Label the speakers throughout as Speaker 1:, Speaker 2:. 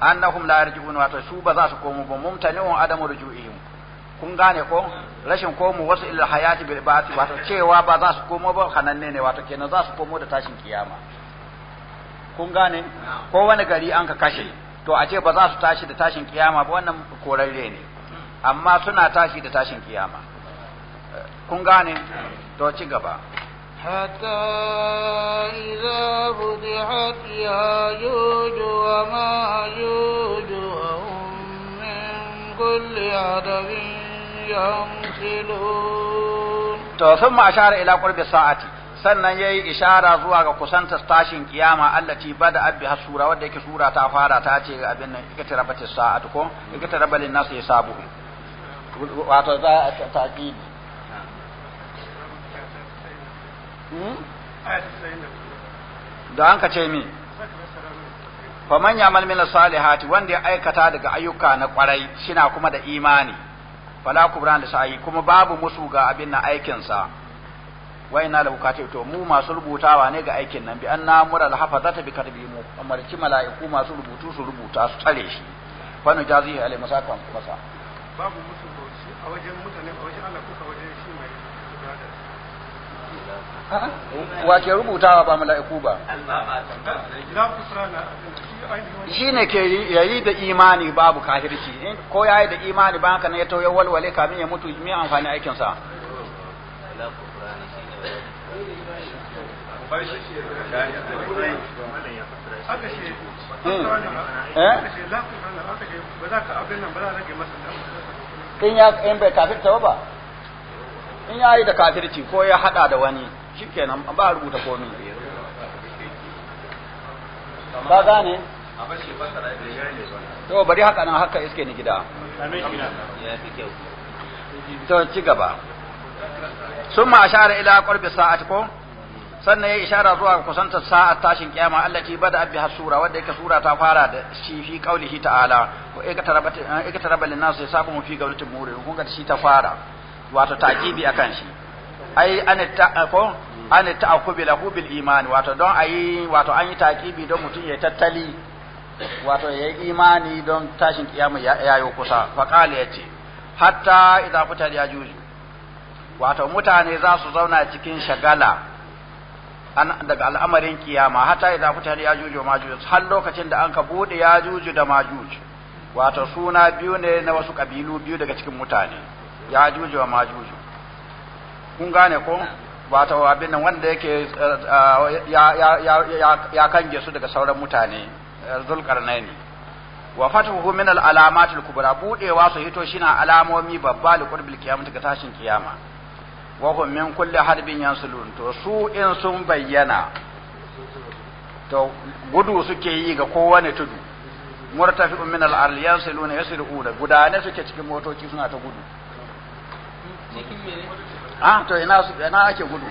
Speaker 1: annahum la yarji'un wato su ba za su komo ba mumtani'un adamu ruju'ihim kun gane ko rashin komo wasu ilal hayati bil ba'ti wato cewa ba za su komo ba hananne ne wato kenan za su komo da tashin kiyama kun gane ko wani gari an ka kashe to a ce ba za su tashi da tashin kiyama ba wannan korarre ne amma suna tashi da tashin kiyama kun gane to ci gaba
Speaker 2: hatta idza ياجوج وماجوج وهم من كل عدب ينسلون
Speaker 1: to sun ma'ashara ila qurbi sa'ati sannan yi ishara zuwa ga kusanta tashin kiyama Allah allati bada abbi hasura wanda yake sura ta fara ta ce abin nan ikata rabata sa'atu ko ikata rabalin nasu yasabu wato za a taƙi
Speaker 3: hmm? da an ka ce mi faman ya'mal
Speaker 1: min salihati wanda ya aikata daga ayyuka na kwarai shina kuma da imani fala kubran da sa'i kuma babu musu ga abin na aikin sa wa inna lahu to mu masu rubutawa ne ga aikin nan bi anna mura al hafazata bi kadbi mu Amma amarci mala'iku masu rubutu su rubuta su tare shi fa nu jazihi alai masakan masa
Speaker 3: babu musu a wajen mutane a wajen Allah kuka wajen shi mai ibada wa ke rubutawa
Speaker 1: ba mala'iku ba
Speaker 3: Allah ba shi ne ke
Speaker 1: yayi da imani babu kafirci ko yayi da imani ba haka ne ya tauye walwale kamin ya mutu me amfani aikin sa
Speaker 3: hmm. eh? in ya in bai
Speaker 1: kafirta ba in yayi da kafirci ko ya hada da wani shikenan ba rubuta komai
Speaker 3: ka gane to
Speaker 1: bari haka nan haka iske ni gida to ci gaba
Speaker 3: sun ma ashara
Speaker 1: ila qalbi sa'ati ko sannan ya ishara zuwa kusantar sa'ar tashin kiyama allati bada abbi hasura wanda yake sura ta fara da shi fi kaulihi ta'ala wa ikatarabata ikatarabal sabu mu fi gawlatin murid kun ga shi ta fara wato takibi akan shi ai an ta'akon eh, an ta'akubi lahu bil iman wato don ayi wato an yi takibi don mutum ya tattali wato ya yi imani don tashin kiyama ya yi kusa ya ce hatta idza futar ya juju wato mutane za su zauna cikin shagala daga al'amarin kiyama hatta idza futar ya juju majuj har lokacin da an ka bude ya juju da ma majuj wato suna biyu ne na wasu kabilu biyu daga cikin mutane ya juju wa ma majuju kun gane ko ba ta abin nan wanda yake eh, eh, ya kange su daga sauran mutane eh, ne wa fatuhu min al al kubra budewa su hito shina alamomi babba li qurbil qiyamati ga tashin kiyama wa hum min kulli harbin yansulun to su in sun bayyana to gudu suke yi ga kowane tudu murtafi'un min al ardi yansuluna yasri'una gudane suke cikin motoci suna ta gudu ah to ina su ina ake gudu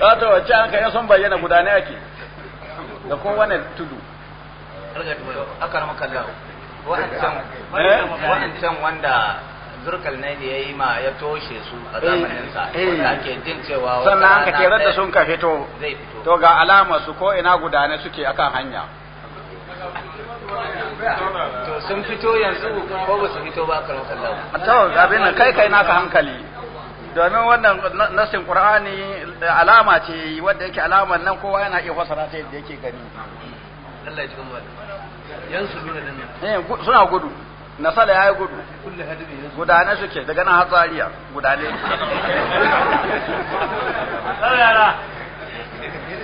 Speaker 1: Wato ah, ah, wacce an kayan sun bayyana gudane ake da kowane tudu. Aka rama kallon, can eh? wanda Zurkal ne ya yi ma ya toshe su a eh, zamaninsa eh. wanda ake jin cewa sannan an ka terar da sun ka fito to ga alama su ko ina gudane suke akan hanya
Speaker 3: to sun fito yanzu ko ba su fito ba karon kallon to abin kai kai naka hankali
Speaker 1: domin wannan nasin qur'ani eh, alama ce wanda yake alamar nan kowa yana iya fasara ta yadda yake gani
Speaker 2: Allah ya ji kuma yanzu bin nan
Speaker 1: suna gudu nasala ya yi gudu gudane suke daga nan hatsariya gudane
Speaker 3: to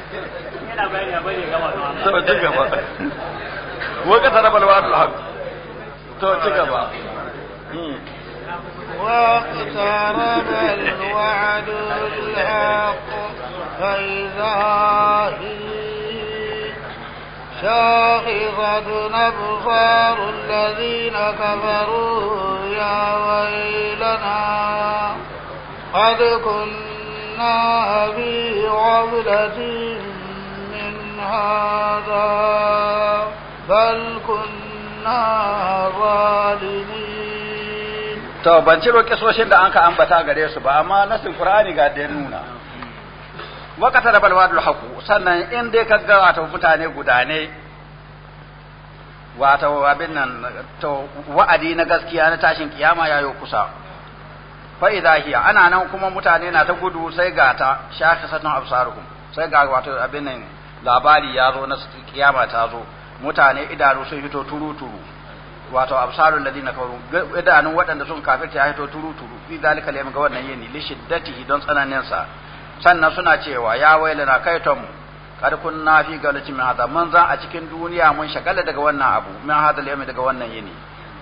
Speaker 3: ci gaba waka da haka to ci gaba hmm. واقترب الوعد الحق
Speaker 2: فإذا هي شاخصة أبصار الذين كفروا يا ويلنا قد كنا في غفلة من هذا بل كنا ظالمين.
Speaker 1: To ban ciro kisoshin da an ka ambata gare su ba, amma nasin Kur'ani ga da nuna. wa da bal wadul haqu sannan in dai kaga wato mutane guda ne wato abin nan to wa'adi na gaskiya na tashin kiyama yayo kusa fa idha hiya ana nan kuma mutane na ta gudu sai ga ta shakhisatun absaruhum sai ga wato abin nan labari ya zo na kiyama ta zo mutane idanu sun fito turu turu wato absarul ladina kafaru idanun waɗanda sun kafirta ya fito turu turu fi zalika layam ga wannan yini li shiddatihi don tsananin sa sannan suna cewa ya waila na kai tom kar na fi galatin min hada mun za a cikin duniya mun shagala daga wannan abu min hada yau daga wannan yini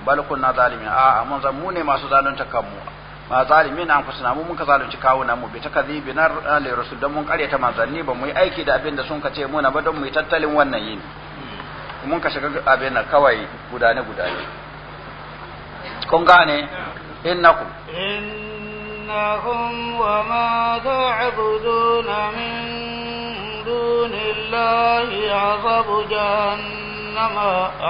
Speaker 1: bal kunna zalimin a mun za mu ne masu zalunta kanmu ma zalimin an kusuna mu mun ka zalunci kawunan mu bi nar eh, li rasul dan mun kare ta manzanni ba mu yi aiki da abin da sun ka ce mu na ba don mu yi tattalin wannan yini mun ka shiga abin nan kawai gudane gudane kun gane innakum
Speaker 2: أنهم وما تعبدون من دون الله عصب جهنم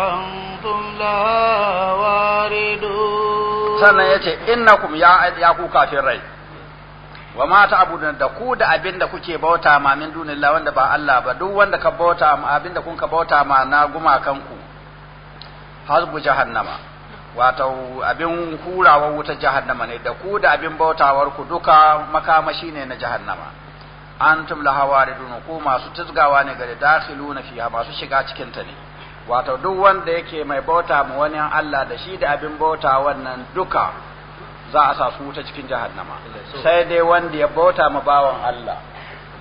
Speaker 2: أنتم لها واردون سنة
Speaker 1: إنكم يا يا كافرين wa ma ta ta'budun da ku da abin da kuke bauta ma min dunillahi wanda ba Allah ba duk wanda ka bauta ma abin da kun ka bauta ma na gumakan ku hasbu jahannama wato abin hurawar wuta jahannama ne da ku da abin bautawar ku duka makamashi ne na jahannama antum da hawaridun ku masu tizgawa ne gare dakhiluna fiha masu shiga cikin ta ne wato duk wanda yake mai bauta mu wani Allah da shi da abin bauta wannan duka za a sa su wuta cikin jahannama sai dai wanda ya bauta ma bawan Allah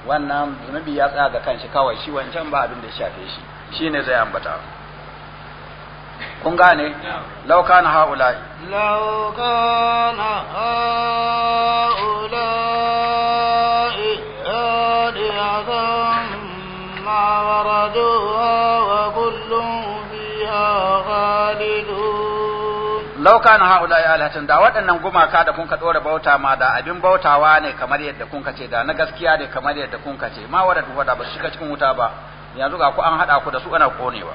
Speaker 1: wannan zunubi ya tsaya ga kanshi kawai shi wancan ba abin da ya shafe shi shine zai ambata kun gane na kana haula'i
Speaker 2: law kana haula'i adiyatan ma waraduha wa kullun fiha khalidun
Speaker 1: law kana haula'i alihatan da waɗannan gumaka da kun ka dora bauta ma da abin bautawa ne kamar yadda kun ka ce da na gaskiya ne kamar yadda kun ka ce ma waradu da ba su shiga cikin wuta ba yanzu ga ku an hada ku da su ana konewa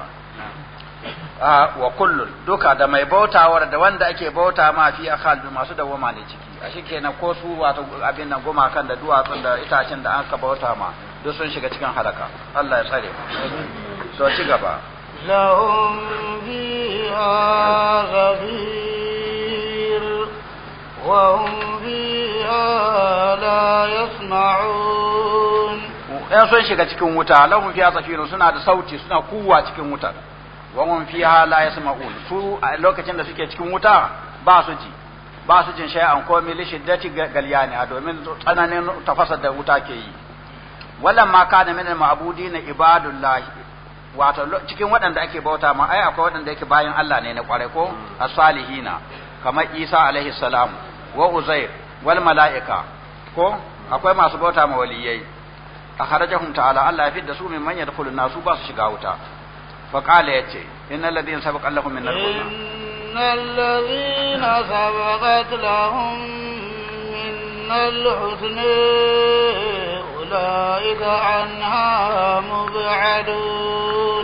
Speaker 1: wa kullun duka da mai bautawar da wanda ake bauta ma fi akhal masu goma ne ciki a shikenan ko su wato abin nan goma kan da duwatsun da itacen da an ka bauta ma duk sun shiga cikin halaka
Speaker 2: Allah ya tsare so ci gaba lahum biha ghafir wa hum biha la yasma'un
Speaker 1: ya sun shiga cikin wuta lahum fiha zafirun suna da sauti suna kuwa cikin wuta wa hum fiha la yasma'un su a lokacin da suke cikin wuta ba su ji ba su jin shay'an komai li shiddati galyani a domin tsananin tafasar da wuta ke yi wallan ma kana min al-ma'budina ibadullah wato cikin waɗanda ake bauta ma ai akwai waɗanda yake bayan Allah ne na kwarai ko mm. as-salihina kamar Isa alaihi salam wa Uzair wal mala'ika ko akwai masu bauta ma waliyai akharajahum ta'ala Allah ya fidda su min man yadkhulun nasu ba su shiga wuta Faqalade ce in nala zina sabbin kan lamu min nala
Speaker 2: kuzma.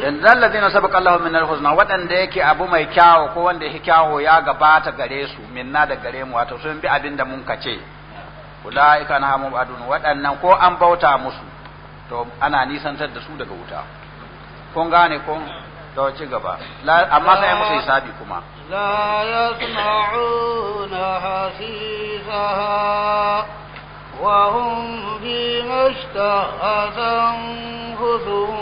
Speaker 1: In nala zina sabbin kan lamu min nala kuzme, kula ina can aya mun biya aduna. In nala waɗanda ya abu mai kyawo ko wanda ya ke ya gabata gare su, minna da gare mu a ta bi abinda mun ka ce, kula ina can mu a dunu ko an bauta musu, to ana nisan da su daga wuta. kun gane kun da ci gaba amma sai musu hisabi kuma
Speaker 2: la yasma'una hasisa wa hum bi mustahazan hudum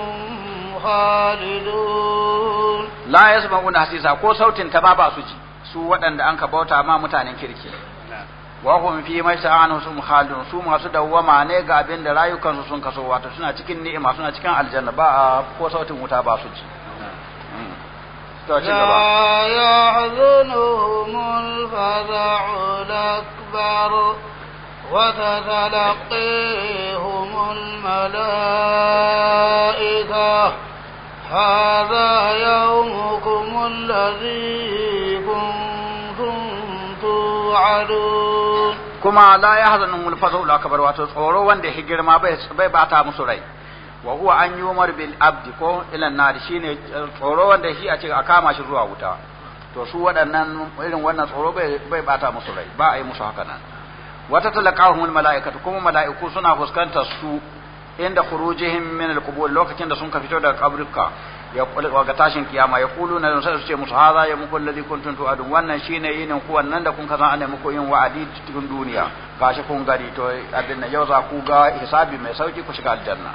Speaker 2: khalidun
Speaker 1: la yasma'una hasisa ko sautin ta ba ba su ji su waɗanda an ka bauta ma mutanen kirki wa hum fi maisa'anu sum khalidun su masu dawwama ne ga abin da rayukansu sun kaso wato suna cikin ni'ima suna cikin aljanna ba ko sautin wuta ba su ci لا
Speaker 2: يحزنهم الفزع الأكبر وتتلقيهم الملائكة هذا يومكم الذي yu'adun
Speaker 1: kuma la yahzanu al-fazul akbar wato tsoro wanda ya girma bai bata musu rai wa huwa an yumar bil abdi ko ila nar shine tsoro wanda shi a ce a kama shi zuwa wuta to su waɗannan irin wannan tsoro bai bai bata musu rai ba a yi musu haka nan wata talaqahumul malaikatu kuma mala'iku suna fuskantar su inda khurujihim min al lokacin da sun ka fito daga kaburka ya ga tashin kiyama ya kulu na sai su ce musu haza ya muku alladhi kuntum tu'adun wannan shine yinin ku wannan da kun kaza ana muku yin wa'adi cikin duniya gashi kun gari to abin nan yau za ku ga hisabi mai sauki ku shiga aljanna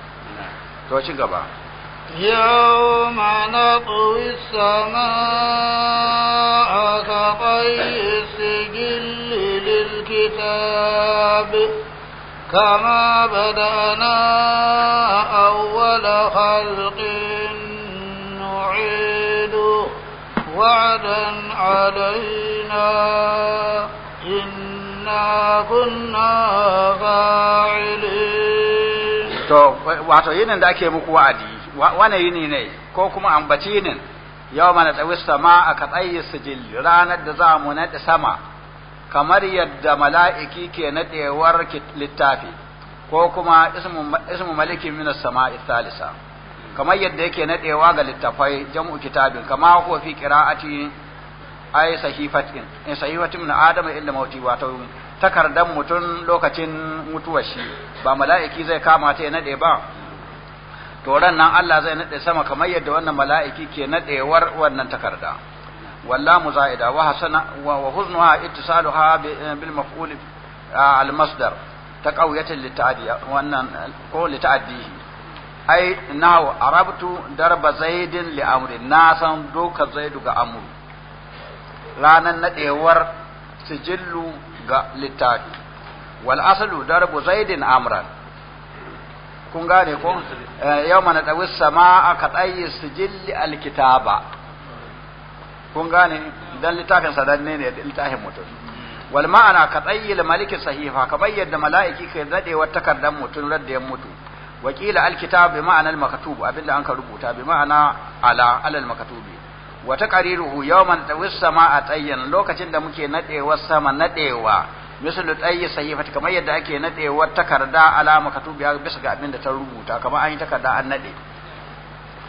Speaker 1: to ci gaba
Speaker 2: يوم نطوي السماء كطي السجل للكتاب كما بدأنا أول خلق عادا
Speaker 1: wato yinin da ake muku wa'adi wane yini ne ko kuma ambaci yinin yau mana tsawi sama a katsayi sijil ranar da za mu naɗe sama kamar yadda mala'iki ke naɗewar littafi ko kuma ismu malikin minas sama isalisa kamar yadda yake naɗewa ga littafai jam'u kitabin kama huwa fi qira'ati ay sahifatin in eh, sahifatin min adam illa mauti wato takardan mutun lokacin mutuwar shi ba mala'iki zai kama ta ya nade ba to nan Allah zai naɗe sama kamar yadda wannan mala'iki ke naɗewar wannan takarda walla muzaida wa hasana wa huznuha ittisaluha eh, bil maf'ul ah, al masdar ta qawiyatin wannan ko lita'adihi ai nawo arabtu darba zaidin li amri na san doka zaidu ga amru ranan nadewar sijillu ga littafi wal asalu darbu zaidin amran kun gane ko eh, yau mana dawi sama'a ka tsaye sijilli alkitaba kun gane dan littafin sadanne ne littafin mutum wal ma'ana ka tsayyil maliki sahifa ka bayyana mala'iki ka dadewa takardar mutum radda ya mutu wakila alkitab bi ma'anar makatub abinda an ka rubuta bi ma'ana ala alal makatubi wa taqriruhu yawman tawis sama'a tayyan lokacin da muke nadewa sama nadewa misal tayyi sahifat kamar yadda ake nadewa takarda ala makatubi bisa ga abinda ta rubuta kamar an yi takarda an nade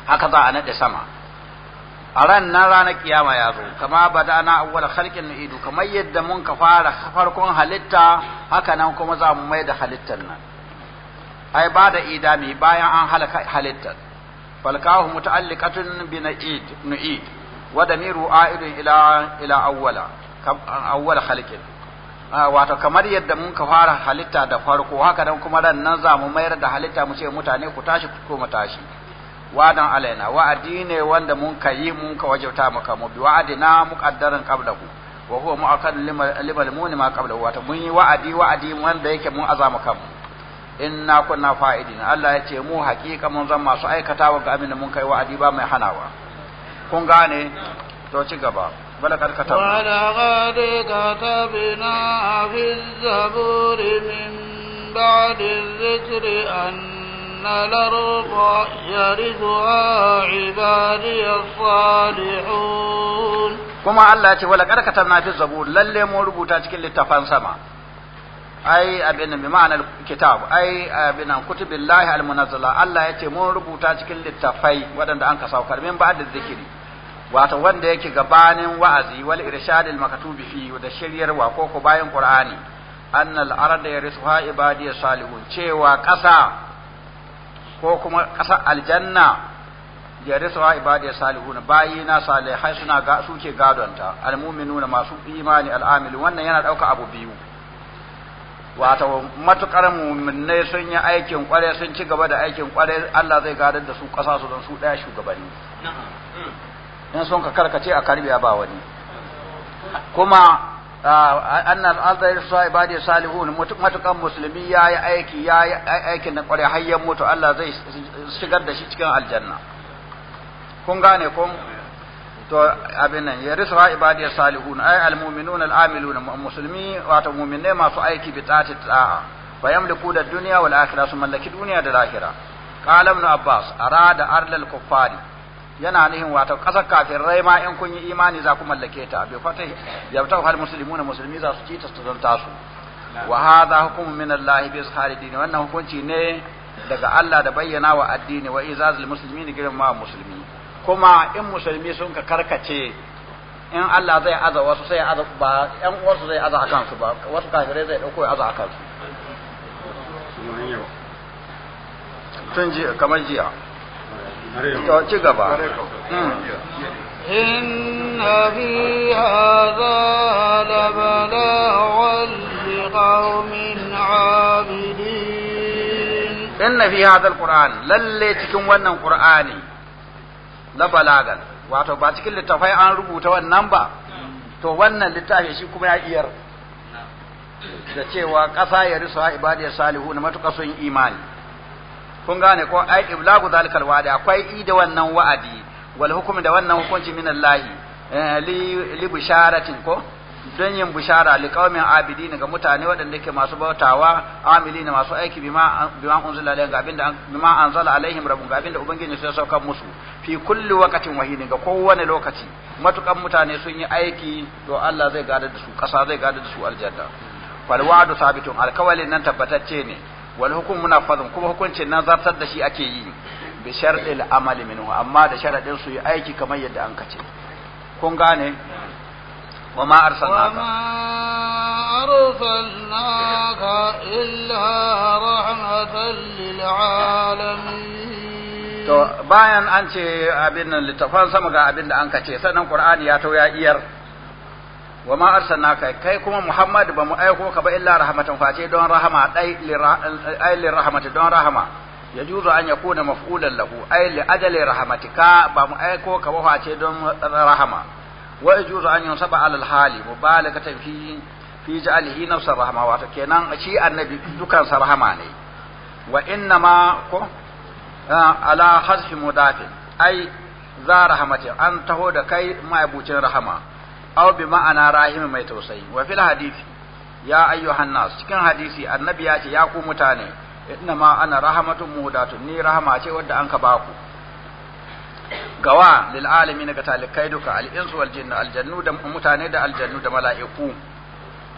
Speaker 1: haka za a nade sama a ran nan ranar kiyama ya zo kama ba bada na awwal na idu kamar yadda mun ka fara farkon halitta haka nan kuma za mu mai da halittar nan ai ba da idami bayan an halaka halittar falkahu muta'alliqatun bi na'id nu'id wa damiru a'idun ila ila awwala awwal khalqin ah, wato kamar yadda mun ka fara halitta da farko haka dan kuma ran nan za mu mayar da halitta mu ce mutane ku tashi ku koma tashi wadan alaina wa'adi ne wanda mun ka yi mun ka wajauta maka mu bi wa'adina muqaddaran qablahu wa huwa mu'akkad limal mu'min ma qablahu wato mun yi wa'adi wa'adi wanda yake mun azama kanmu inna kunna fa'idin Allah ya ce mu hakika mun zan masu wa ga abin mun kai wa'adi ba mai hanawa kun gane to ci gaba wala kad katabna wala
Speaker 2: kad katabna fi zaburi min ba'd dhikr anna larqa ibadi ibadiyas salihun
Speaker 1: kuma Allah ya ce wala karkata na fi zabur lalle mun rubuta cikin littafan sama ai abin bi ma'anar kitab ai abin kutubillahi almunazzala Allah yace mun rubuta cikin littafai waɗanda an ka saukar min ba'da zikiri wato wanda yake gabanin wa'azi wal irshadil makatubi fi da shiryarwa ko ko bayan qur'ani annal arda yarisuha ibadiy salihun cewa ƙasa ko kuma ƙasar aljanna ya rasuwa ibadiyar salihun bayi na salihai suna ga suke gadonta almuminuna masu imani al'amilu wannan yana ɗauka abu biyu wato matukar muminai sun yi aikin kware sun ci gaba da aikin kware Allah zai gadar da su kasa su don su ɗaya shugabanni in sun ka karkace a karbiya ba wani kuma anna azayir su ibadi salihun matukan musulmi ya yi aiki yi aikin na kware hayyan mutu Allah zai shigar da shi cikin aljanna kun gane kun to abin nan ya risa ibadiy salihun ay almu'minuna al'amiluna musulmi wato mu'minai masu aiki bi tsati ta'a fa yamliku da dunya wal akhirah su mallaki duniya da lahira qala ibn abbas arada ardal kuffari yana nihin wato kasar kafirai ma in kun yi imani za ku mallake ta bi fata yabta hal muslimuna musulmi za su ci ta su zanta su wa hadha hukmun min Allah bi izhari dini wannan hukunci ne daga Allah da bayyana wa addini wa izazil muslimin girma musulmi kuma in musulmi sun ka karkace in Allah zai aza wasu sai aza ba yan wasu zai aza akan su ba wasu kafirai zai dauko ya aza akan su tun ji kamar jiya
Speaker 3: to ci gaba
Speaker 2: إن في هذا لبلاغا لقوم عابدين إن في هذا
Speaker 1: القرآن للي تكون ونن قرآني la balagan wato ba cikin littafai an rubuta wannan ba to wannan littafi shi kuma ya iyar da cewa ƙasa ya risa ibadiyya salihu na matuƙa sun imani kun gane ko ai iblagu zalikal wa'adi akwai i da wannan wa'adi wal hukum da wannan hukunci min eh, li li ko don yin bishara liqaumin abidin ga mutane waɗanda ke masu bautawa amilin masu aiki bima bima unzila alaihim gabin da bima anzala alaihim rabbun gabin da ubangiji sai sauka musu fi kulli waqatin wahidin ga kowane lokaci matukan mutane sun yi aiki to Allah zai gada da su ƙasa zai gada da su aljanna fal wa'du sabitun alkawalin nan tabbatacce ne wal hukmu munafadun kuma hukuncin nan zartar da shi ake yi bi shar'il amali minhu amma da sharadin su yi aiki kamar yadda an kace kun gane وما أرسلناك وما
Speaker 2: أرسلناك إلا رحمة للعالمين
Speaker 1: to bayan an ce abin nan littafan sama ga abin da an ka ce sannan qur'ani ya to ya iyar wa ma arsalnaka kai kuma muhammad ba mu aiko ka ba illa rahmatan face don rahama dai li rahmati don rahama ya juzu an yakuna maf'ulan lahu ay li ajali rahmatika ba mu aiko ka ba face don rahama wa yajuzu an yunsaba ala al-hali mubalagatan fi fi ja'alihi nafsar rahma wato kenan shi annabi dukan sa rahama ne wa inna ma ko ala hazfi mudafi ai za rahamati an taho da kai ma'abucin rahama aw bi ma'ana rahim mai tausayi wa fil hadisi ya ayyuhan nas cikin hadisi annabi ya ce ya ku mutane inna ma ana rahamatun mudatun ni rahama ce wadda an ka baku gawa lil alamin ga talikai duka al insu wal jinnu al jannu da mutane da al jannu da mala'iku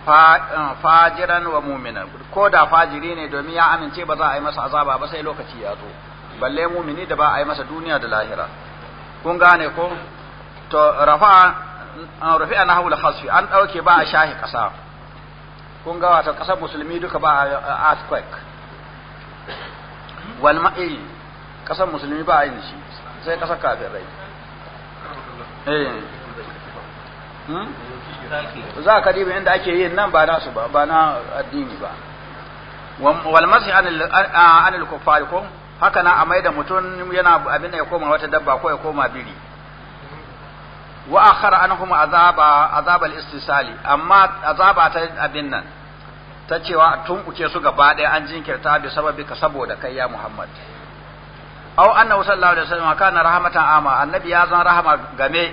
Speaker 1: eh, fajiran wa mu'mina ko da fajiri ne domin ya amince ba za a yi masa azaba ba sai lokaci ya zo balle mu'mini da ba a yi masa duniya da lahira kun gane ko to rafa eh, rafi'a an hawla khasfi an dauke ba a shahi kasa kun ga wato kasar musulmi duka ba a eh, earthquake wal ma'i kasar musulmi ba a yin shi sai kasar kafirai
Speaker 3: eh. hmm? za ka diba inda ake
Speaker 1: yin nan ba nasu ba ba na addini ba wal masi anil ko haka na a maida mutum yana abin da ya koma wata dabba ko ya koma biri wa akhara kuma azaba azab al istisali amma azaba ta abin nan ta cewa tun uke su gaba ɗaya an jinkirta bi sababi ka saboda kai ya muhammad aw annahu sallallahu alaihi wasallam kana rahmatan ama annabi ya zan rahama game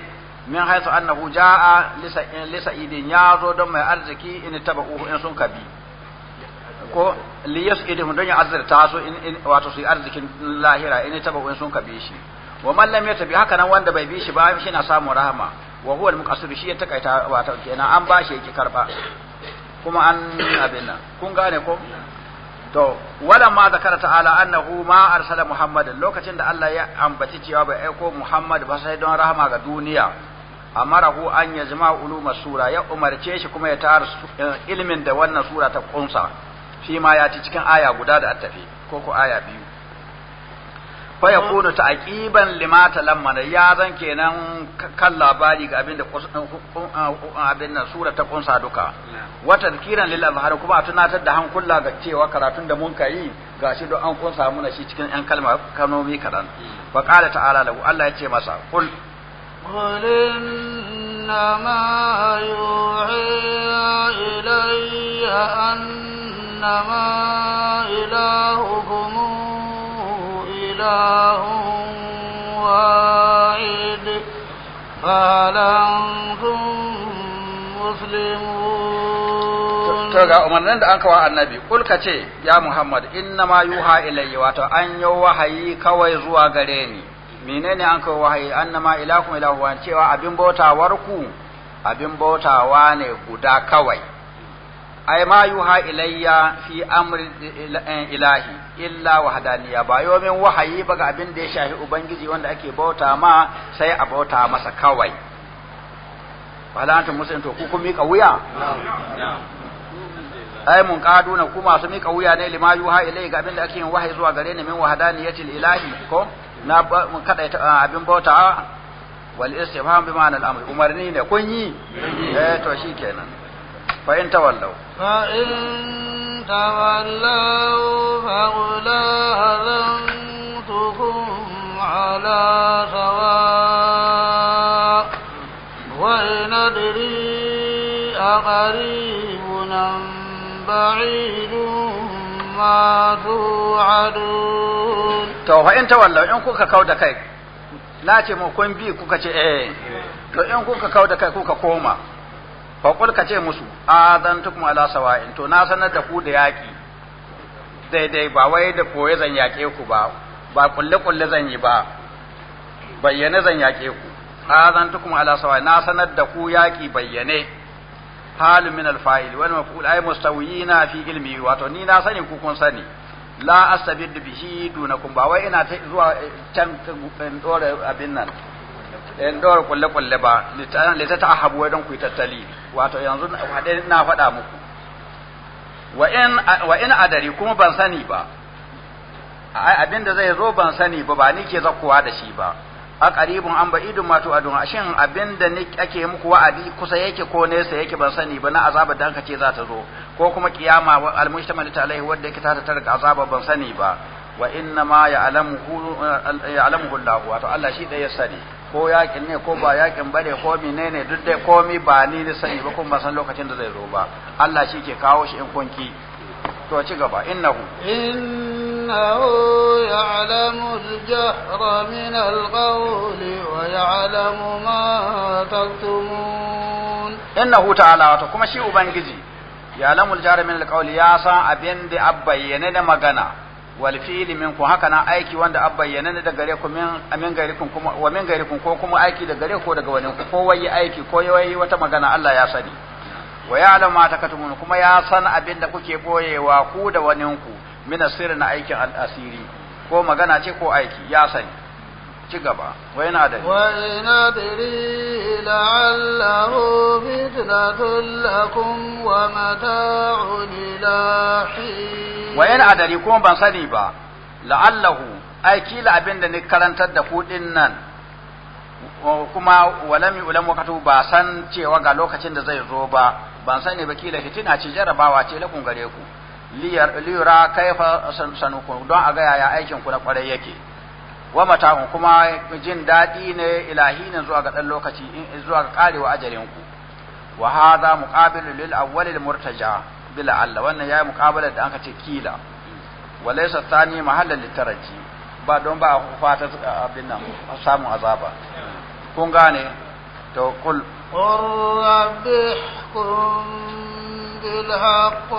Speaker 1: min haythu annahu jaa li sa'idin ya zo don mai arziki in taba'uhu in sun kabi ko li idin don ya azzarta su in wato su arzikin lahira in taba'u in sun kabi shi wa man lam yatabi haka nan wanda bai bi shi ba shi na samu rahama wa huwa al-muqassir shi ya takaita wato kenan an ba shi yake karba kuma an abin nan kun gane ko to wala ma zakara ta'ala annahu ma arsala Muhammadu lokacin da Allah ya ambaci cewa bai aiko muhammad ba sai don rahama ga duniya amarahu an yazma uluma sura ya umarce shi kuma ya tar eh, ilmin da wannan sura ta kunsa shi ma ya ci cikin aya guda da attafi ko ko aya biyu fa yakunu ta'qiban limata talammana ya zan kenan kan labari ga abinda ah, ah, abin nan sura ta kunsa duka wa kiran lil azhar kuma a tunatar da hankula ga cewa karatun da mun ga shi don an kunsa muna shi cikin yan kalma kanomi kadan mm. fa qala ta'ala lahu Allah ya ce masa qul
Speaker 2: قل إنما يوحي إلي أنما إلهكم إله واحد فهل أنتم مسلمون
Speaker 1: to ga umarnin da aka wa annabi kul ka ce ya muhammad inna ma yuha ilayya wato an yi wahayi kawai zuwa gare ni menene an kai wahayi annama ilakum ilahu cewa abin bautawar ku abin bautawa ne guda kawai ai ma yuha ilayya fi amri ilahi illa wahdaniya ba yomin wahayi ba ga abin da ya shafi ubangiji wanda ake bauta ma sai a bauta masa kawai wala antum muslimin to ku kun mika wuya ai mun kaduna ku masu mika wuya ne lima yuha ilayya ga abin da ake yin wahayi zuwa gare ni min wahdaniyatil ilahi ko na kada ah, abin bauta wal istifham bi ma'anal amri umarni ne kun yi eh to shikenan Ka in ta
Speaker 2: wallau haƙula a karibu nan bacidu masu adon.
Speaker 1: To ho in ta in kuka kawɗa kai? Na ce munkun biyu kuka ce e. To in kuka kawɗa kai kuka koma? faƙul ka ce musu azantukum ala sawa'in to na sanar da ku da yaƙi daidai ba wai da koye zan yaƙe ku ba ba kulle kulle zan yi ba bayyane zan yaƙe ku azantukum ala sawa'in na sanar da ku yaƙi bayyane halun min alfa'il wal maf'ul ay mustawiyina fi ilmi wato ni na sani ku kun sani la astabid bihi dunakum ba wai ina zuwa eh, can dore eh, abin nan in dora kulle kulle ba lita ta ahabu wai don ku tattali wato yanzu na faɗa muku wa in a adari kuma ban sani ba abin da zai zo ban sani ba ba ni ke zakkowa da shi ba a ƙaribin an ba'idun mato duniya shin abin da ake muku wa'adi kusa yake ko nesa yake ban sani ba na azabar da hanka ce za ta zo ko kuma kiyama almushtamal ta alaihi wanda yake ta tarka azaba ban sani ba wa inna ma ya'lamuhu ya'lamuhu Allah wato Allah shi da ya sani ko yakin ne ko ba yakin ba ne ko mine ne duk dai komi ba ni ne sani ba kuma san lokacin da zai zo ba Allah shi ke kawo shi in kunki to ci gaba innahu
Speaker 2: innahu ya'lamu al-jahra min al-qawli wa ya'lamu ma taktumun
Speaker 1: innahu ta'ala wato kuma shi ubangiji ya'lamu al-jahra min al-qawli ya san abin da abbayyane na magana wal fi'li minkum haka na aiki wanda an bayyana ne da gare ku min amin kuma wa min gairikum ko kuma aiki da gare ku daga wani ku ko wayi aiki ko yayi wata magana Allah ya sani wa ya'lamu ma kuma ya san abin da kuke boyewa ku da wani ku min na aikin asiri ko magana ce ko aiki ya sani ci gaba wa na da wa
Speaker 2: ina biri la'allahu fitnatul lakum wa mata'un ila wa yana adari
Speaker 1: kuma ban sani ba la'allahu ai kila abin da ni karantar da ku nan kuma walami ulam wakatu ba san cewa ga lokacin da zai zo ba ban sani ba kila fitina ce jarabawa ce lakun gare ku liyura kaifa sanukun don a ga yaya aikin ku na kwarai yake wa mata'un kuma jin daɗi ne ilahinin zuwa ga ɗan lokaci zuwa ga karewa ajalin ku wa hadha muqabilu lil awwalil murtaja bila Allah wannan yi muqabala da aka ce kila walaysa thani mahallan litaraji ba don ba a fata abin nan samun azaba kun gane to kul
Speaker 2: rabbihkum bil haqq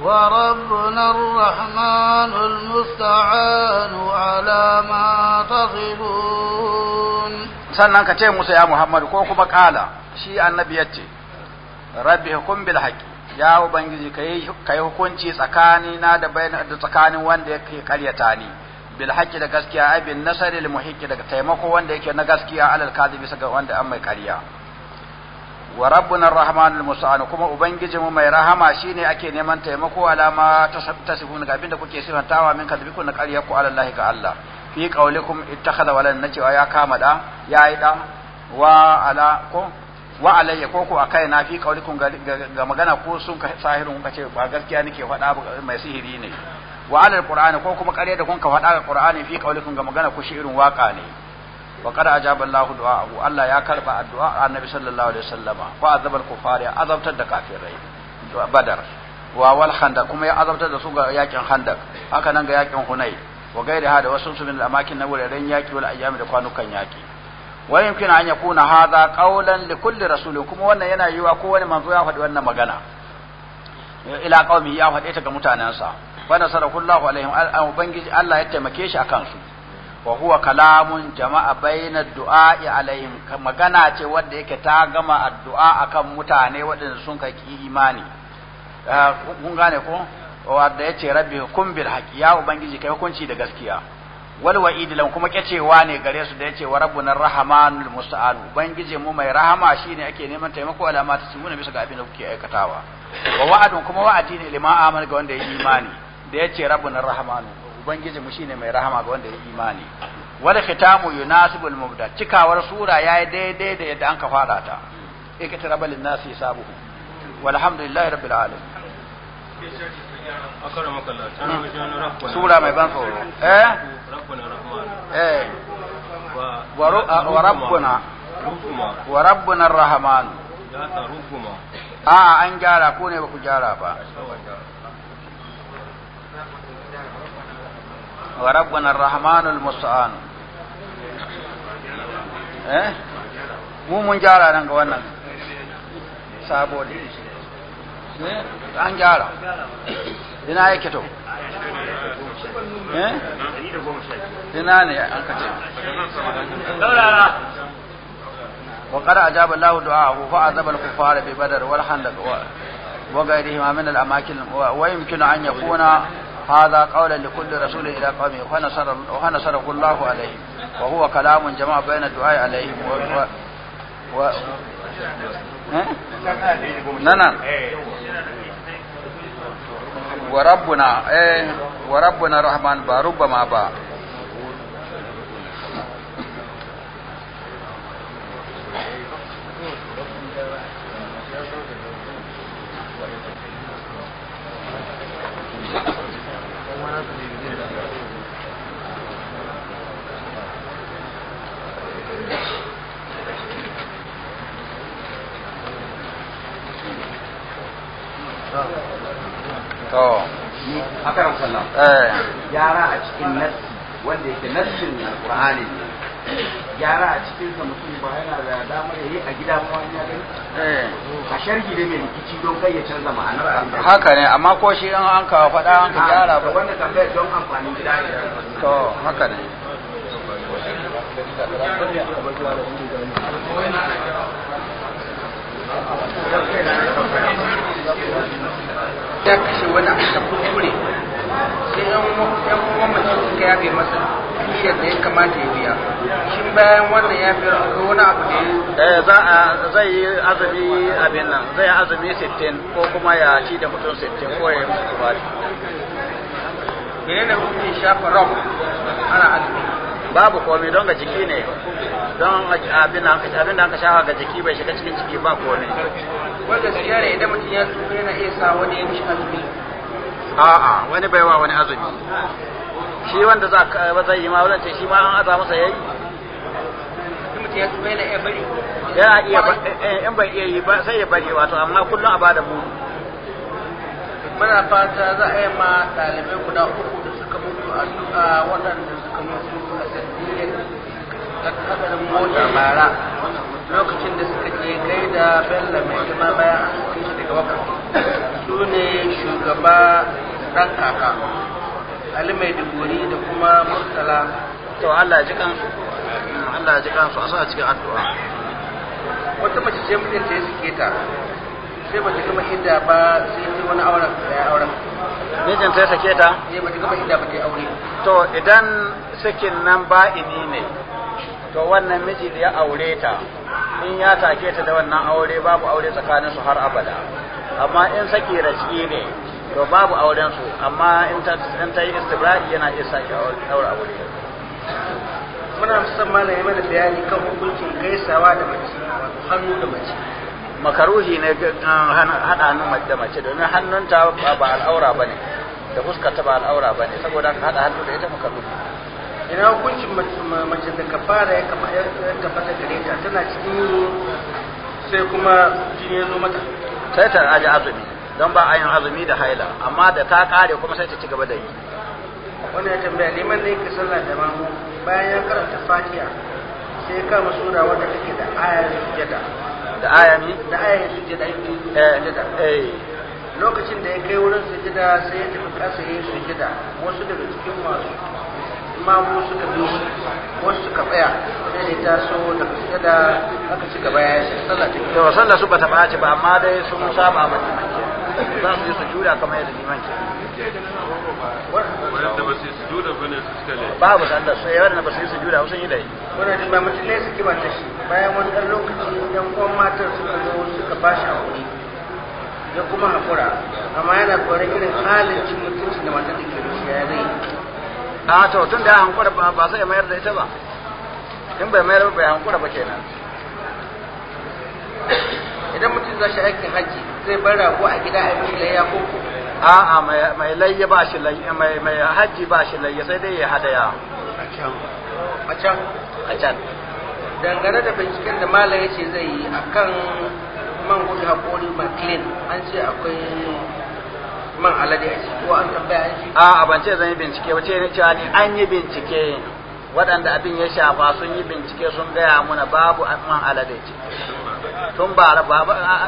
Speaker 2: وربنا الرحمن المستعان على ما تصفون
Speaker 1: sannan ka ce Musa ya Muhammadu ko kuma kala shi annabi yace rabbi kun bil haqq ya ubangiji ka yi hukunci tsakani na da da tsakanin wanda yake karyata ni bil haqqi da gaskiya ai bin nasari lil muhiqqi daga taimako wanda yake na gaskiya alal kadhibi saka wanda an mai karya wa rabbuna arrahman almusta'an kuma ubangiji mu mai rahama shine ake neman taimako alama su ga abinda kuke sifantawa min kadhibikum na karya ku lahi ga Allah fi qaulikum ittakhadha walan nace ya kama da yayi da wa ala ko wa alayya ko ko akai na fi kaulikum ga magana ko sun ka sahirin kun ce ba gaskiya nake faɗa mai sihiri ne wa alal qur'ani ko kuma kare da kun ka faɗa ga qur'ani fi kaulikum ga magana ku irin waka ne wa qad ajaba Allahu du'a'ahu Allah ya karba addu'a annabi sallallahu alaihi wasallama fa azaba al-kuffari azabtar da kafirai badar wa wal khandaq kuma ya azabtar da su ga yakin khandaq haka nan ga yakin hunay wa gairi hada wasu sunan min al-amakin na wuraren yaki wal ayyami da kwanukan yaki wa yumkinu an yakuna hadha qawlan li kulli rasulin kuma wannan yana yiwa ko wani manzo ya faɗi wannan magana ila qaumi ya faɗe ta ga mutanansa fa nasarakullahu alaihim ubangiji Allah ya taimake shi akan su wa huwa kalamun jama'a bainad du'a'i alaihim magana ce wanda yake ta gama addu'a akan mutane waɗanda sun kai imani ah, kun gane ko da yace rabbi kun bil haqi ya ubangiji kai hukunci da gaskiya wal wa'id lam kuma kecewa ne gare su da yace wa rabbuna rahmanul musta'an ubangije mu mai rahama shine ake neman taimako alama ta simuna bisa ga abin da kuke aikatawa wa wa'adun kuma wa'adi ne liman amal ga wanda ya imani da yace rabbuna rahman ubangije mu shine mai rahama ga wanda ya imani wal khitamu yunasibul mubda cikawar sura yayi daidai da yadda an ka fara ta iktarabal nasi sabuhu walhamdulillahi rabbil
Speaker 3: alamin sura mai ban tsoro eh eh wa rabbuna wa rabbuna rahman a ah,
Speaker 1: an gyara ko ne ba ku gyara ba
Speaker 3: wa rabbuna rahmanul musta'an eh mu mun gyara
Speaker 1: nan ga wannan sabo da Eh? an gyara dina ya kito a hufa a zaɓar ku fara bai badar walhan daga wagar rihima min al'amakin wayin da an ya kuna هذا قولا لكل رسول إلى قومه وهنصره الله عليه وهو كلام جمع بين الدعاء عليه و... و...
Speaker 3: na nan eh
Speaker 1: rahman ba rubbama ba
Speaker 3: to akaram sallam eh
Speaker 1: yara a cikin nassi wanda yake nassin alqur'ani yara a cikin sa mutum ba yana da damar yayi a gida ma wani ya gani eh a sharhi da mai rikici don kai ya canza ma'anar haka ne amma ko shi an an kawo fada an ka gyara ah, ba wannan tambaya don amfanin gida ne to haka ne
Speaker 3: ya kashe wani a ta
Speaker 1: kuskure sai yan kuma mace suka yafe masa kishiyar da ya kamata ya
Speaker 3: biya shi bayan
Speaker 1: wannan ya fi akwai wani abu ne eh za a zai yi azumi abin nan zai yi azumi 60 ko kuma ya ci da mutum 60 ko ya yi musu kubari menene hukumin shafa rob ana azumi babu komai don ga jiki ne don abin da aka shafa ga jiki bai shiga cikin ciki ba komai wanda su yare idan mutum ya tsufa yana iya sa wani ya mishi azumi a'a wani bai wa wani azumi shi wanda za ka zai yi ma wannan ce shi ma an aza masa yayi mutum ya tsufa yana iya bari yana iya eh, eh, in bai iya yi ba sai ya bari wato amma kullum a bada mu muna fata za a yi ma ɗalibai guda uku da suka mutu a waɗanda suka mutu hatsarin mota bara lokacin da suka je gaida bello mai girma bayan an kai shi daga wakar su ne shugaba dan kaka ali mai duburi da kuma murtala to allah ji kansu allah ji kansu a cikin addu'a wata mace ce mutum ya suke ta sai ba ta gama ba sai ta wani auren da ya auren mijin sake ta eh, ba ta gama inda ba ta aure to idan sakin nan ba'ini ne to wannan miji da ya aure ta in ya take ta da wannan aure babu aure tsakanin su har abada amma in saki raci ne to babu auren su amma in ta in yi istibra'i yana iya sake aure aure muna musamman yi da bayani kan hukuncin gaisawa da mace hannu da mace makaruhi ne hada hannun da mace domin hannunta ba al'aura ba ne da fuskarta ba al'aura ba ne saboda ka hada hannu da ita makaruhi
Speaker 3: ina hukuncin mace da kafara ya kama ya kafata gare ta tana cikin yiro sai kuma
Speaker 1: jini ya zo mata sai ta aji azumi don ba a yin azumi da haila amma da ta kare kuma sai ta ci gaba da yi wannan ya tambaya neman ne ka sallah da mamu bayan ya karanta fatiha sai ya kama sura wadda take da ayar sujada da aya ne da aya sujada eh eh lokacin da ya kai wurin da sai ya tafi kasa yayin da wasu daga cikin masu imamu suka bi wasu suka tsaya sai da ta so da sujada aka ci gaba ya shi sallah ta to sallah su bata ba amma dai sun saba ba za su je su jura kamar yadda ni manke.
Speaker 3: wanda ba su yi sujuda bane su suka ne babu sallar sai wanda ba su yi sujuda sun yi dai wannan ba mutum ne su kiba shi
Speaker 2: bayan wani dan lokaci dan uwan matar suka zo
Speaker 1: suka ba shi hakuri ya kuma hakura amma yana tsoron irin halin cin mutunci da matar take da shi ya zai a to tun da hankura ba ba sai mayar da ita ba in bai mayar ba bai hankura ba kenan idan mutum zai shi aikin hajji zai bar rago a gida a yi mishi layya ko a'a mai layya ba shi layya mai mai haji ba shi layya sai dai ya hadaya
Speaker 3: a
Speaker 1: can a can dangane da binciken da mala ya ce zai yi akan man gudu hakori maclean an ce akwai man alade a ciki ko an tambaya an ciki a'a ban ce zan yi bincike ba ce ne cewa ni an yi bincike waɗanda abin ya shafa sun yi bincike sun gaya muna babu man alade ciki tun ba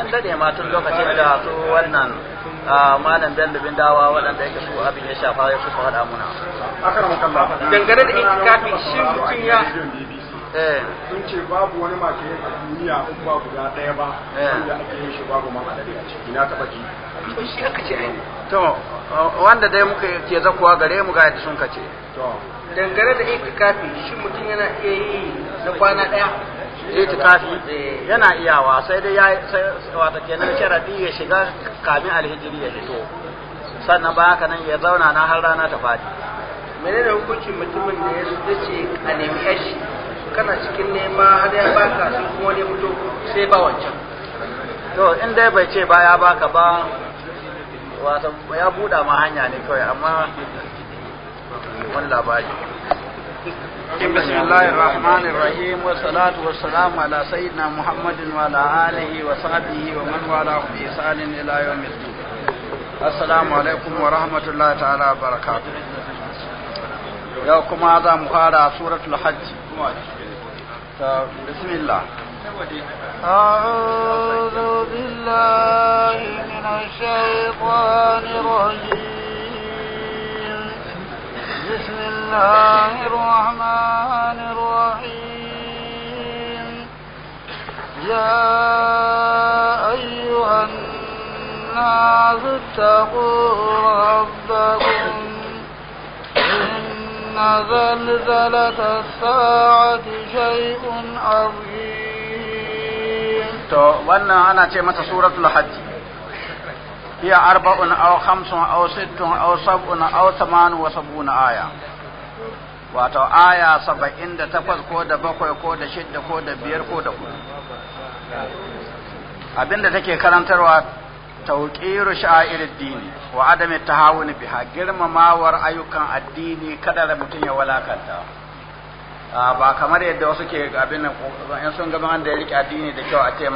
Speaker 1: an dade ma tun lokacin da su wannan Ah, malam bello bin dawa waɗanda yake su abin ya shafa ya kusa haɗa muna dangane da itikafi shi mutum ya eh. sun ce babu wani mace a duniya in ba guda ɗaya ba eh. wanda ake yin shi babu man a ciki na taɓa ji to shi aka ce to wanda dai muka ke zakuwa gare mu ga yadda sun kace to dangane da itikafi shi mutum yana iya yi na kwana ɗaya itikafi eh. yana iyawa sai dai ya wata kenan sharadi ya shiga kamin alhijiri ya fito sannan ba haka nan ya zauna na har rana ta fadi menene hukuncin mutumin da ya ce a nemi yashi
Speaker 3: kana cikin nema har ya baka su kuma wani fito sai ba wancan to in dai bai ce ba
Speaker 1: ya baka ba wato ya buɗa ma hanya ne kawai amma wani labari بسم الله الرحمن الرحيم والصلاة والسلام على سيدنا محمد وعلى آله وصحبه ومن والاه بإحسان إلى يوم الدين السلام عليكم ورحمة الله تعالى
Speaker 2: وبركاته
Speaker 3: يوكم هذا
Speaker 1: مخارع سورة الحج بسم الله
Speaker 2: أعوذ بالله من الشيطان الرجيم بسم الله الرحمن الرحيم يا أيها الناس اتقوا ربكم إن زلزلة الساعة شيء عظيم. تو وانا انا
Speaker 1: تي متى سورة الحج هي أربع aya saba'in da takwas ko da bakwai ko da shidda ko da biyar ko take karantarwa tauƙiru sha'irar dini wa adami tahawun biha girmamawar ayyukan addini kada da mutum ya walakanta ba kamar yadda wasu ke abin gaban da ya rike addini da kyau a ce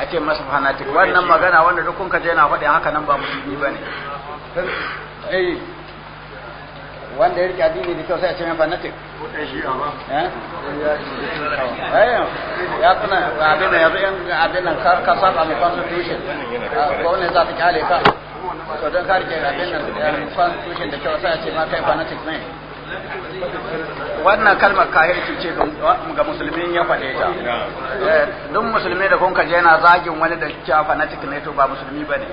Speaker 1: a ce masu fanatik wannan magana wanda duk kunka je na faɗi haka nan ba musulmi ba ne wanda ya rike addini da kyau sai a ce mai fanatik eh? ya kuna abin yanzu yan abin nan ka saba mai constitution ko ah, ne za ta kyale ka to don ka rike abin nan eh, constitution da kyau sai a ce ma kai fanatik ne wannan kalmar kahirci ce ga musulmi ya faɗe ta eh, duk musulmi da kun kaje yana zagin wani da cewa fanatic ne to ba musulmi bane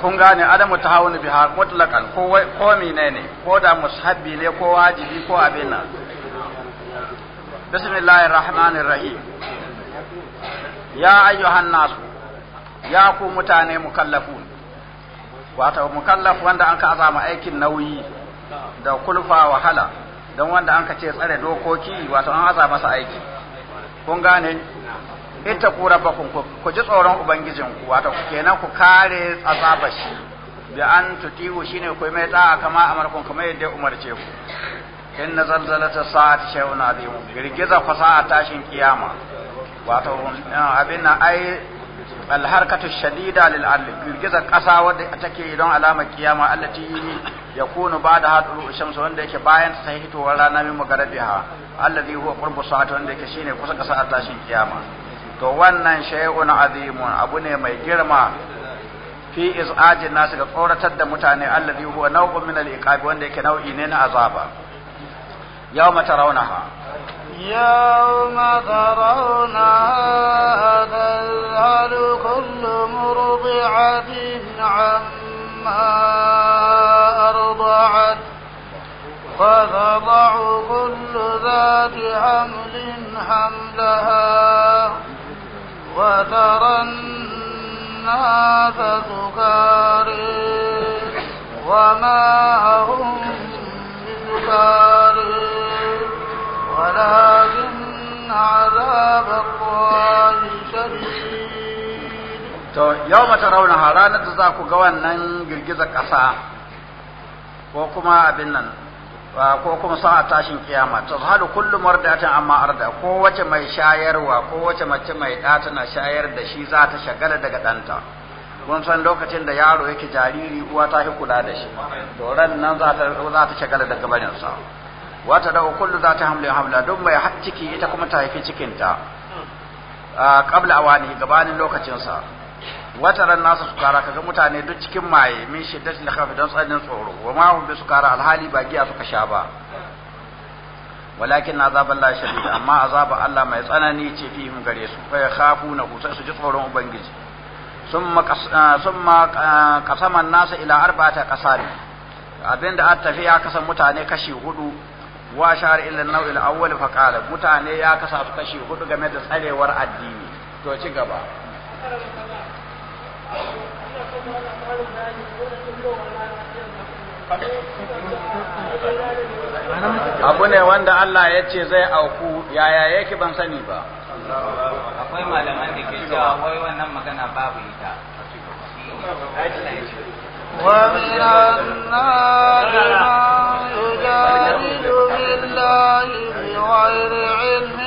Speaker 1: kun gane adamu ta hawan biha mutlaqan ko ko ne ko da mushabbi ne ko wajibi ko abin nan
Speaker 3: bismillahir rahim ya ayyuhan nasu
Speaker 1: ya ku mutane mukallafun Wata mukallaf wanda an ka azama aikin nauyi da kulfa wahala don wanda an ka ce tsare dokoki wato an azama masa aiki kun gane ita ku rabbakum ku ji tsoron ku wato kenan ku kare azaba shi bi an tutihu shine ku mai da'a kama amarkun kuma yadda umarce ku inna zalzalata sa'ati shay'un azim girgiza fasaha tashin kiyama wato abin nan ai alharkatu shadida lil ardi girgizar kasa wadda take don alama kiyama allati yakunu ba'da hadru shams wanda yake bayan ta hitowar rana min magarabiha allazi huwa qurbu sa'ati wanda yake shine kusa kasa a tashin kiyama to wannan shay'un azimun abu ne mai girma fi iz'ajin nasu ga tsoratar da mutane allazi huwa naw'un min al-iqab wanda yake nau'i ne na azaba yawma tarawnaha
Speaker 2: يوم ترونها تذهل كل مرضعة عما أرضعت وتضع كل ذات حمل حملها وترى الناس سكاري وما هم بسكاري
Speaker 3: to yau mata rauna ranar
Speaker 1: da za ku ga wannan girgizar ƙasa ko kuma abin nan ko kuma a tashin kiyama ta zahalu kullum wardatin amma arda ko wace mai shayarwa ko wace mace mai ɗa na shayar da shi za ta shagala daga ɗanta kun san lokacin da yaro yake jariri uwa ta fi kula da shi to ran nan za ta shagala daga barinsa wata da kullu za ta hamle hamla don mai ciki ita kuma ta haifi cikinta qabla awani gabanin lokacinsa wataran nasu sukara kaga mutane duk cikin maye min shiddatil khawfi don tsanin tsoro wa ma hum bisukara alhali ba giya suka sha ba walakin azaballahi shadid amma azaba Allah mai tsanani ce fihim gare su fa yakhafuna ku sai su ji tsoron ubangiji summa ah, summa qasama ah, nasa ila arba'ata qasari da at tafiya kasan mutane kashi hudu wa shar ila an-naw'il awwal fa qala mutane ya kasa su kashi hudu game da tsarewar addini to ci gaba
Speaker 3: abu ne wanda Allah ya ce zai
Speaker 1: auku yaya yake ban sani ba
Speaker 3: akwai malaman da ke
Speaker 1: cewa wai wannan magana babu ita
Speaker 3: ومن الناس
Speaker 2: من يجادل بالله بغير علم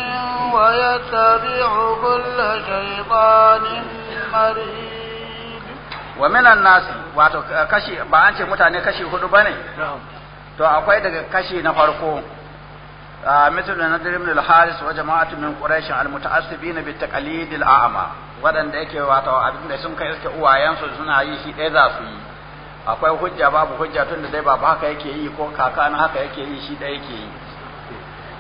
Speaker 2: ويتبع كل شيطان مريض
Speaker 1: wa minan nas wato kashi ba an ce mutane kashi hudu bane to akwai daga kashi na farko A na wa jama'atu min الحارث al muta'assibin bi taqalid al ama. waɗanda yake wato abin da sun kai uwayen uwayensu suna yi shi ɗaya za su yi akwai hujja babu hujja tunda da dai babu haka yake yi ko kaka na haka yake yi shi ɗaya yake yi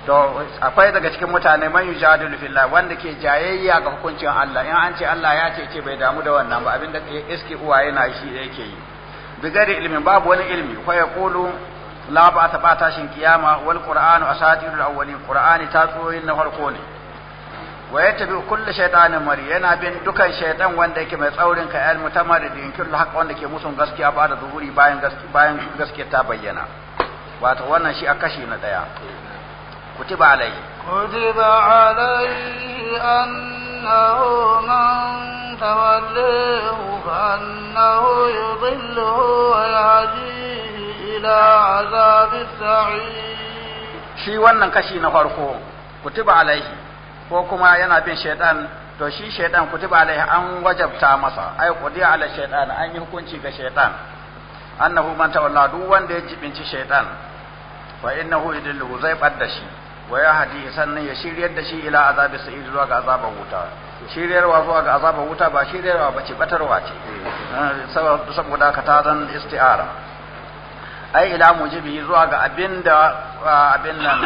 Speaker 1: to akwai daga cikin mutane man yujadilu fillah wanda ke jayayya ga hukuncin Allah in an ce Allah ya ce ce bai damu da wannan ba abinda iski uwa yana shi da yake yi bigari ilmin babu wani ilmi fa ya kulu la ba ta bata shin kiyama wal qur'anu asatirul awwalin qur'ani ta tsoyin na farko ne wa yatabi kullu shaytanin mari yana bin dukan shaytan wanda yake mai tsaurin ka al mutamarridin kullu haqq wanda ke musun gaskiya ba da zuhuri bayan gaskiya bayan gaskiya ta bayyana wato wannan shi a kashi na daya كتب عليه
Speaker 2: كتب عليه أنه من توليه فأنه يضله yudilluhu إلى عذاب ila شي sa'ir
Speaker 1: shi wannan kashi na farko kutiba alaihi ko kuma yana bin shaitan to shi shaitan kutiba alaihi an wajabta masa ai qudiya ala shaytan an yi hukunci ga shaytan annahu man tawalla duk wanda ya jibinci shaytan fa innahu yudillu zai badda shi wa ya hadihi sannan ya shiryar da shi ila azabi sa'id zuwa ga azabar wuta shiryarwa zuwa ga azabar wuta ba shiryarwa ba ce batarwa ce saboda ka ta zan isti'ara ai ila mujibi zuwa ga abinda abin nan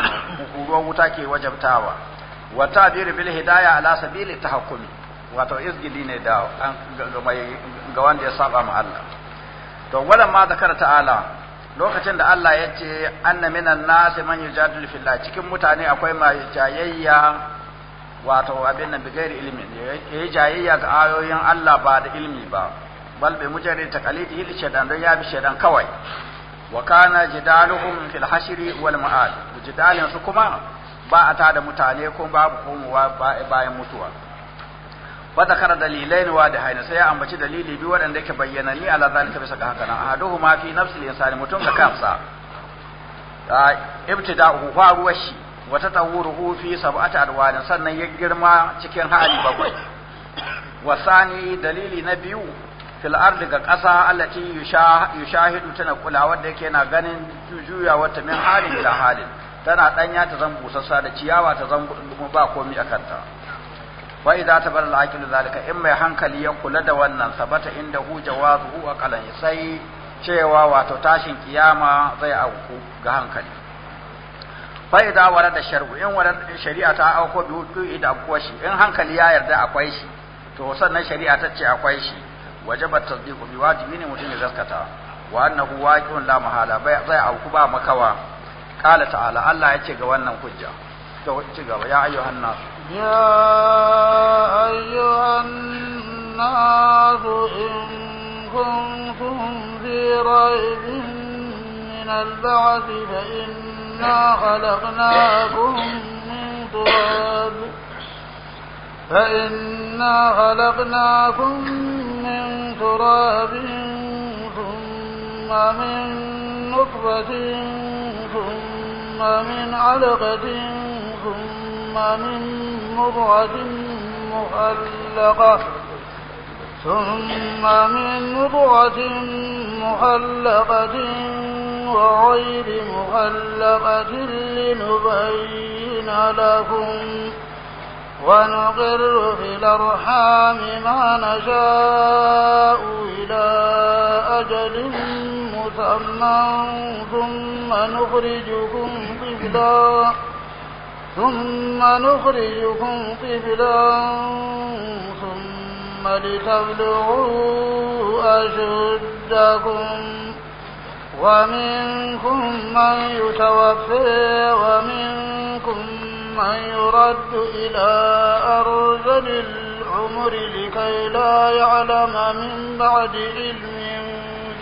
Speaker 1: ruwan wuta ke wajabtawa wa ta'bir bil Hidaya ala sabili tahakkumi wato izgili ne da ga wanda ya saba ma Allah to wannan ma zakara ta'ala lokacin da Allah ya ce anna minan nasi man yujadilu fillah cikin mutane akwai mai jayayya wato abin nan bigair ilmi ya yi jayayya ga ayoyin Allah ba da ilmi ba bal bi mujarrid taqalidi li shaytan dan ya bi shaytan kawai wa kana jidaluhum fil hashri wal ma'ad jidalin su kuma ba a da mutane ko babu komowa bayan mutuwa wa dalilai dalilain wa da haina sai ya ambaci dalili biyu waɗanda yake ni ala zalika bisa ga hakana nan ahaduhuma fi nafsil insani mutum ga kansa ibtida'uhu faruwar shi wata tatawuruhu fi sab'ati adwan sannan ya girma cikin hali bakwai wa dalili na biyu fil ardi ga ƙasa allati yushahidu tana kula wanda yake na ganin jujuya wata min halin ila halin tana danya ta zan busassa da ciyawa ta zan ba komai akan kanta. wa idza tabara al-aqil zalika in mai hankali ya kula da wannan sabata inda hu jawazuhu aqalan sai cewa wato tashin kiyama zai auku ga hankali fa idza warada shar'u in warada shari'a ta auko bi hudu da akwai shi in hankali ya yarda akwai shi to sannan shari'a ta ce akwai shi wajaba tasdiqu bi wajibi ne mutum ya gaskata wa annahu waqi'un la mahala bai zai auku ba makawa qala ta'ala Allah ya ce ga wannan hujja to ci gaba ya ayyuhan
Speaker 2: nasu يا أيها الناس إن كنتم في ريب من البعث فإنا خلقناكم من تراب فإنا خلقناكم من تراب ثم من نطفة ثم من علقة ثم من مضغة مخلقة ثم من مضغة محلقة وغير محلقة لنبين لكم ونقر في الأرحام ما نشاء إلى أجل مسمى ثم نخرجكم طفلا ثم نخرجكم طفلا ثم لتبلغوا أشدكم ومنكم من يتوفى ومنكم من يرد إلى أرذل العمر لكي لا يعلم من بعد علم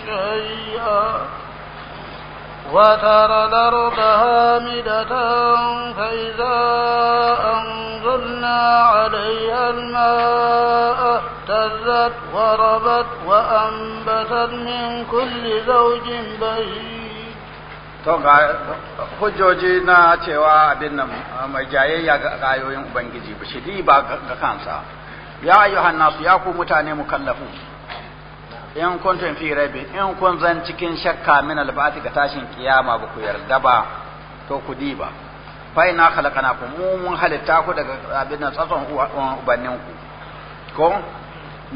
Speaker 2: شيئا وترى الأرض هامدة فإذا أنزلنا عليها الماء اهتزت وربت وأنبتت من كل زوج بهيج
Speaker 1: to ga hujjoji na cewa abin nan mai jayayya ga ayoyin ubangiji ba shi ba ga kansa ya ayyuhan nasu ya ku mutane mukallafu in kuntum fi rabi in kun zan cikin shakka min alba'ati ga tashin kiyama ba ku yarda ba to ku di ba fa ina ku mu mun halitta ku daga abin nan tsatson ubannin ku ko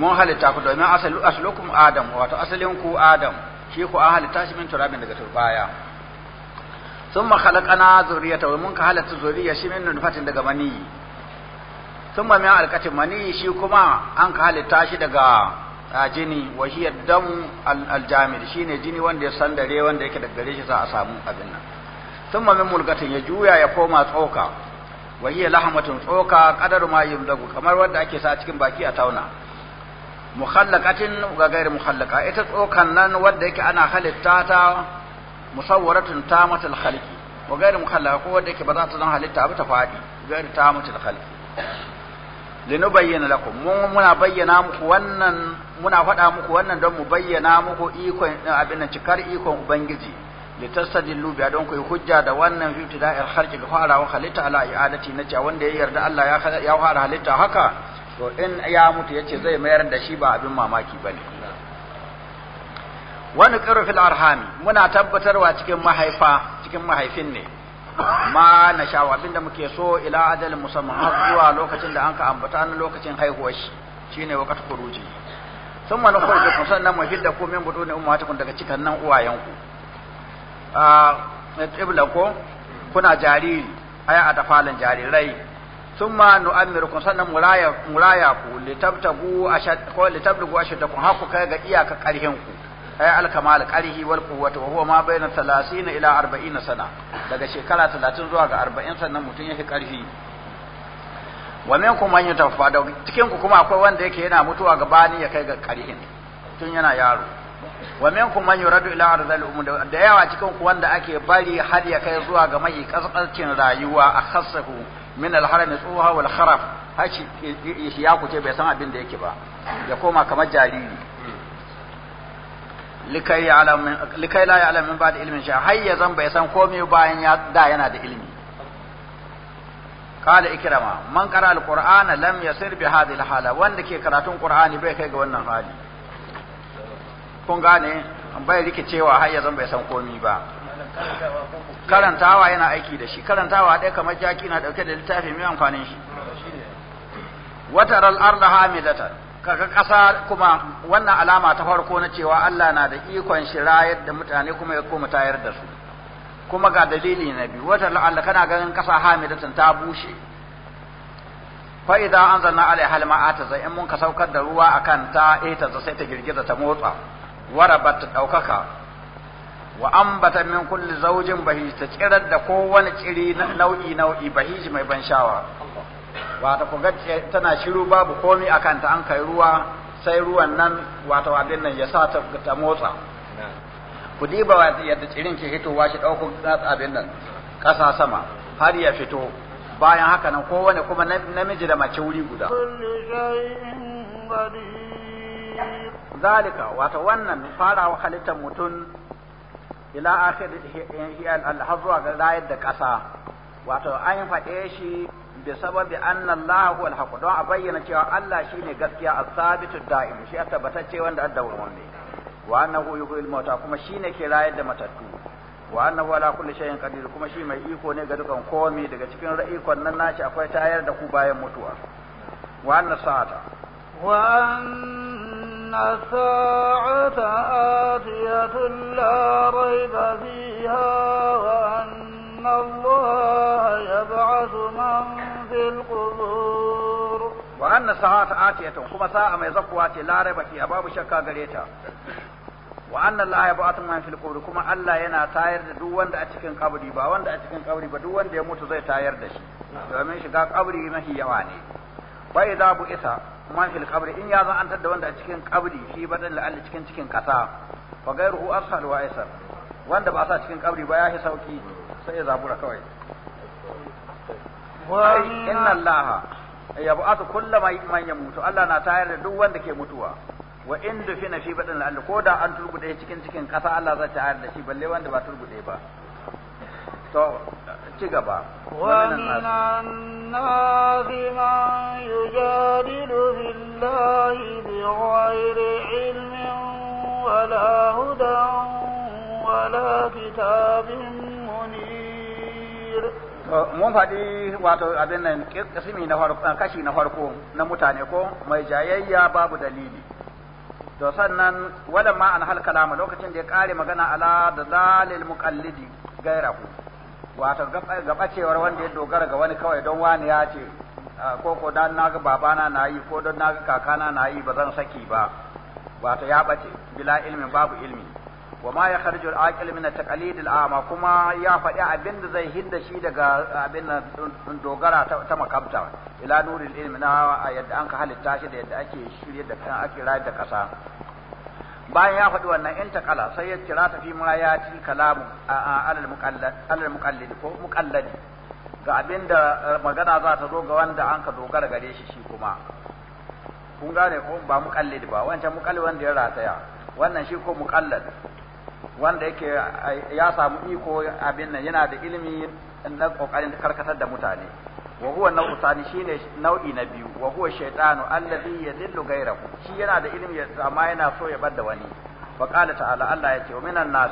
Speaker 1: mun halitta ku domin asalu aslukum adam wato asalin ku adam shi ku an halitta shi min turabin daga turbaya thumma khalaqna zurriyata mun ka halatta zuriya shi min nufatin daga mani thumma min alqatin mani shi kuma an ka halitta shi daga a jini wa hiya damu aljamil shine jini wanda ya sandare wanda yake da gare shi za a samu abin nan thumma min mulgatin ya juya ya koma tsoka wa hiya lahmatun tsoka qadar ma yumdagu kamar wanda ake sa cikin baki a tauna mukhallaqatin ga gairi mukhallaqa ita tsokan nan wanda yake ana halitta ta musawwaratun tamatul khalqi wa gairi mukhallaqa ko wanda yake ba za ta zan halitta ba ta fadi gairi tamatul khalqi bayyana lakum mun muna bayyana muku wannan muna faɗa muku wannan don mu bayyana muku ikon eh, abin nan cikar ikon ubangiji li tasdillu bi don ku hujja da wannan fi ibtida'il khalqi ga wa khalita ala i'adati na cewa wanda ya yarda Allah ya ya fara halitta haka to in ya mutu yace zai mayar da shi ba abin mamaki bane wani ƙiru fil arhami muna tabbatarwa cikin mahaifa cikin mahaifin ne ma na shawo abinda muke so ila adalin musamman har zuwa lokacin da an ka ambata na lokacin haihuwar shi shine wakat kuruji sun mana kuwa da kusan nan mafi da komen budu ne umma kun daga cikin nan uwayenku a eh, ibla ko kuna jariri aya a tafalin jarirai sun ma nu'amir kun sannan muraya muraya ku litabtagu ashad ko litabtagu ashadakum haku kai ga iyaka karhin ku ay alkamal karhi wal kuwata wa huwa ma bayna 30 ila 40 sana daga shekara 30 zuwa ga 40 sannan mutun yake karhi wa kum man yutawaffa da cikin ku kuma akwai wanda yake yana mutuwa gabani ya kai ga karihin tun yana yaro wa kum man yuradu ila arzal umm da yawa cikin ku wanda ake bari har ya kai zuwa ga mai kasancin rayuwa a khassahu min al-haram tsuha wal kharaf hashi ya kuce bai san abin da yake ba ya koma kamar jariri likai la alamin ba da ilmin sha ya zan bai san komai bayan ya da yana da ilimi qala ikrama man qara alqur'ana lam yasir bi hadhihi alhala wanda ke karatun qur'ani bai kai ga wannan hali kun gane bai rikicewa har yanzu bai san komi ba
Speaker 3: karantawa yana
Speaker 1: aiki da shi karantawa dai kamar jaki na ɗauke da littafi mai amfanin shi wataral arda hamidatan kaga kasa kuma wannan alama ta farko na cewa Allah na da ikon shi da mutane kuma ya koma tayar da su kuma ga dalili na biyu wata la'alla kana ganin kasa hamidatan ta bushe fa idan anzalna alaiha alma'ata zai in mun ka saukar da ruwa akan ta eh ta sai ta girgiza ta motsa warabat ta daukaka wa ambata min kulli zawjin bahij ta tsirar da kowane tsiri nau'i nau'i bahij mai ban shawa wata ku ga tana shiru babu komai akan ta an kai ruwa sai ruwan nan wato abin nan ya sa ta motsa ku diba yadda tsirin ke hitowa shi ɗauko abin nan ƙasa sama har ya fito bayan haka nan kowane kuma namiji da mace wuri guda zalika wata wannan farawa halittar mutum ila akhir hiyal Allah ga rayar da ƙasa wato an faɗe shi bi sababi anna Allah huwal haqq don a bayyana cewa Allah shine gaskiya as-sabitu da'im shi a tabbatacce wanda adda wanda wa annahu yuhyil mauta kuma shine ke rayar da matattu wa annahu ala kulli shay'in qadir kuma shi mai iko ne ga dukan komai daga cikin ra'ikon nan nashi akwai tayar da ku bayan mutuwa wa anna sa'ata
Speaker 2: wa anna sa'ata atiyatun la rayba fiha wa anna Allah yab'athu man fil qubur
Speaker 1: wa anna sa'ata atiyatun kuma sa'a mai zakuwa ce la rayba fiha babu shakka gare ta wa anna allaha yab'athu man fil qubur kuma Allah yana tayar da duk wanda a cikin kabri ba wanda a cikin kabri ba duk wanda ya mutu zai tayar da shi domin shiga kabri mafi yawa ne wa idza bu'itha man fil qabri in ya zan antar da wanda a cikin kabri shi badan alli cikin cikin kasa fa ghayruhu ashal wa aysar wanda ba sa cikin kabri ba ya fi sauki sai ya zabura kawai inna allaha yab'athu kullu man yamutu Allah na tayar da duk wanda ke mutuwa wa in dufina fi badin al ko da an turgude cikin cikin kasa Allah zai ta'ala da shi balle wanda ba turgude ba to ci gaba wannan
Speaker 2: nasi man yujadilu billahi bi ghairi ilmin wala hudan wala kitabin munir
Speaker 1: mun faɗi wato abin nan kasimi na farko kashi na farko na mutane ko mai jayayya babu dalili to sannan wala ma an hal kalama lokacin da ya kare magana ala da dalil muqallidi gairahu wato gabacewar wanda ya dogara ga wani kawai don wani ya ce ko ko dan naga babana na yi ko don naga kakana na yi ba zan saki ba wato ya bace bila ilmin babu ilmi wa ma ya kharju al-aqil min at-taqalid al-ama kuma ya faɗi abin da zai hinda shi daga abin nan dogara ta makabta ila nuril ilmi na yadda an ka halitta shi da yadda ake shirye da kan ake rayar da ƙasa bayan ya faɗi wannan in taqala sai ya kira ta fi murayati ya ci kalamu alal muqallad alal muqallad ko ga abin da eh, magana za ta zo ga wanda an ka dogara gare shi shi kuma kun gane ko ba muqallid ba wancan muqallid wanda ya rataya wannan shi ko muqallad wanda yake ya samu iko abin nan yana da ilimi na kokarin karkatar da mutane wa huwa nau'u tsani shine nau'i na biyu wa huwa shaytanu allazi yadillu ghayrahu shi yana da ilimi amma yana so ya bar da wani wa qala ta'ala Allah ya ce wa minan nas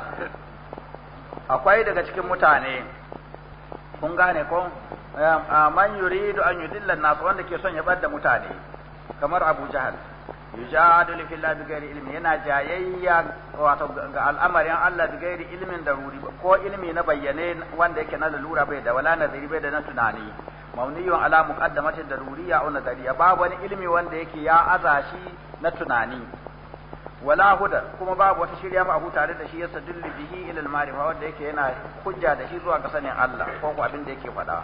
Speaker 1: akwai daga cikin mutane kun gane ko man yuridu an yudilla nas wanda ke son ya bar da mutane kamar Abu Jahal yujadilu fillah bi ghairi ilmi yana jayayya wato ga al'amarin Allah bi ghairi ilmin daruri ko ilmi na bayyane wanda yake na lura bai da wala nazari bai da na tunani mauniyun ala muqaddamati daruriya aw nazariya babu wani ilmi wanda yake ya azashi na tunani wala huda kuma babu wata shirya ma abu tare da shi ya sadullu bihi ila al-ma'rifa wanda yake yana hujja da shi zuwa ga sanin Allah ko abin da yake faɗa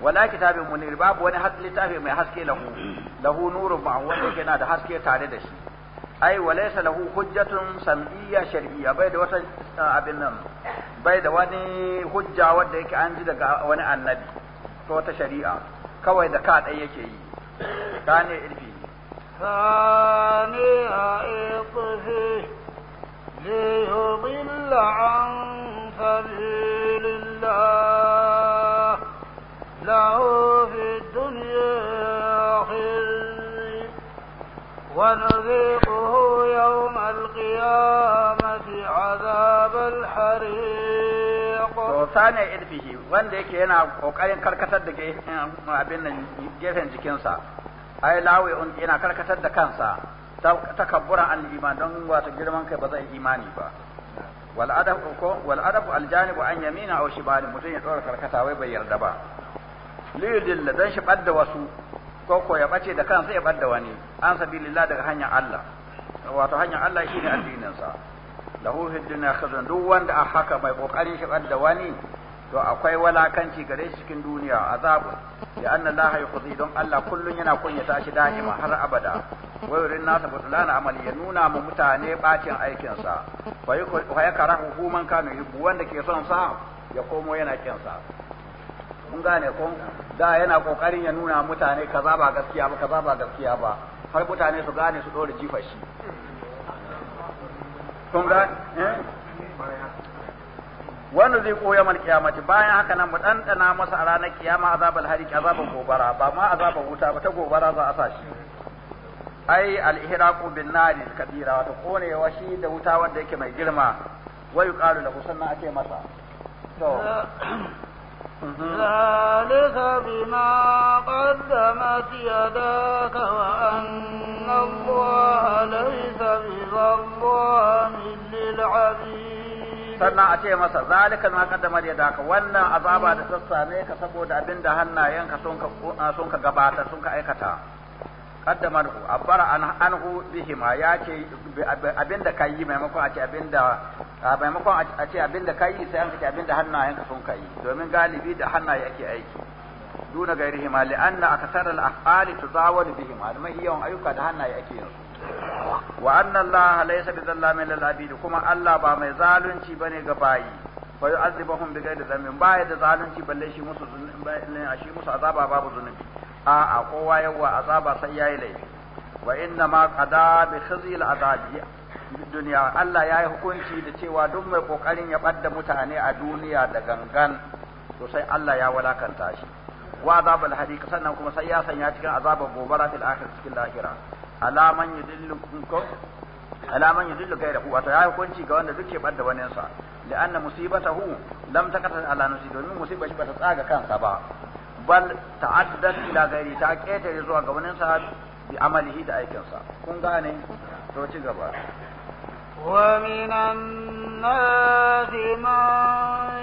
Speaker 1: wala kitabin munir babu wani littafi mai haske lahu mm. lahu nurun ma'a wanda yake na da haske tare da shi ai walaysa lahu hujjatun sam'iyya shar'iyya bai da wata abin nan bai da wani hujja wanda yake an ji daga wani annabi ko ta shari'a kawai da ka dai yake yi kane ilfi
Speaker 2: ثاني عطفه ليضل عن سبيل الله له في الدنيا خزي ونذيقه يوم القيامة عذاب الحريق sane
Speaker 1: irfihi wanda yake yana kokarin karkatar da abin nan gefen jikinsa ai lawe yana karkatar da kansa takabburan an iman don wato girman ba zai imani ba wal adab ko wal adab al janib ya tsora karkata wai bai yarda ba liyudilla dan shi da wasu ko ko ya bace da kansa ya badda wani an sabilillah daga hanyar Allah wato hanyar Allah shine addinin sa lahu fid khazan duk wanda a haka mai kokarin shi da wani to akwai walakanci gare shi cikin duniya azabu ya anna la hayqudi don Allah kullun yana kunyata shi da'ima har abada wai rin nasa butlana amali ya nuna mu mutane bacin aikin sa fa yakarahu man kana yubu wanda ke son sa ya komo yana kin kun gane ko da yana kokarin ya nuna mutane kaza ba gaskiya ba kaza ba gaskiya ba har mutane su gane su dore jifa shi
Speaker 3: kun gane eh
Speaker 1: wanda zai koya mal kiyamati bayan haka nan mu dandana masa a ranar kiyama azabul hari azabal gobara ba ma azabal wuta ba ta gobara za a sa shi ai al-ihraqu bin nari kabira wato konewa shi da wuta wanda yake mai girma wayu qalu lahu sannan ake masa
Speaker 2: to Uh-huh. ذلك بما قدمت يداك وأن الله ليس بظلام للعبيد sannan a
Speaker 1: ce masa zalika ma kaddama ya daka wannan azaba da ne ka saboda abin da hannayenka sun ka gabata, sun ka aikata qaddamahu abara anhu bihima ya ce abinda kai maimakon a ce abinda maimakon a ce abinda kai sai an ce abinda hannayenka sun kai domin galibi da hannaye ake aiki duna gairihima li'anna akthar al-af'ali tudawalu bihima amma yawan ayyuka da hannaye ake yin
Speaker 3: su
Speaker 1: wa anna Allah laysa bi zallamin lil kuma Allah ba mai zalunci bane ga bayi fa yu'azibuhum bi ghairi dhanbin baya da zalunci balle shi musu shi musu azaba babu zunubi a'a kowa yawa azaba sai yayi laifi wa inna ma qada bi khizi al azabi duniya Allah yayi hukunci da cewa duk mai kokarin ya badda mutane a duniya da gangan to sai Allah ya walakanta shi wa azab al hadiq sannan kuma sai ya sanya cikin azabar gobara fil akhir cikin lahira alaman yudillukum alaman yudillu gairahu wato yayi hukunci ga wanda duke badda waninsa li'anna musibatahu lam takatan ala nafsi domin musibar shi bata tsaga kansa ba bal ta'addat ila gairi ta ƙetare zuwa ga wani sa bi amalihi da aikinsa kun gane to ci gaba
Speaker 2: ومن الناس من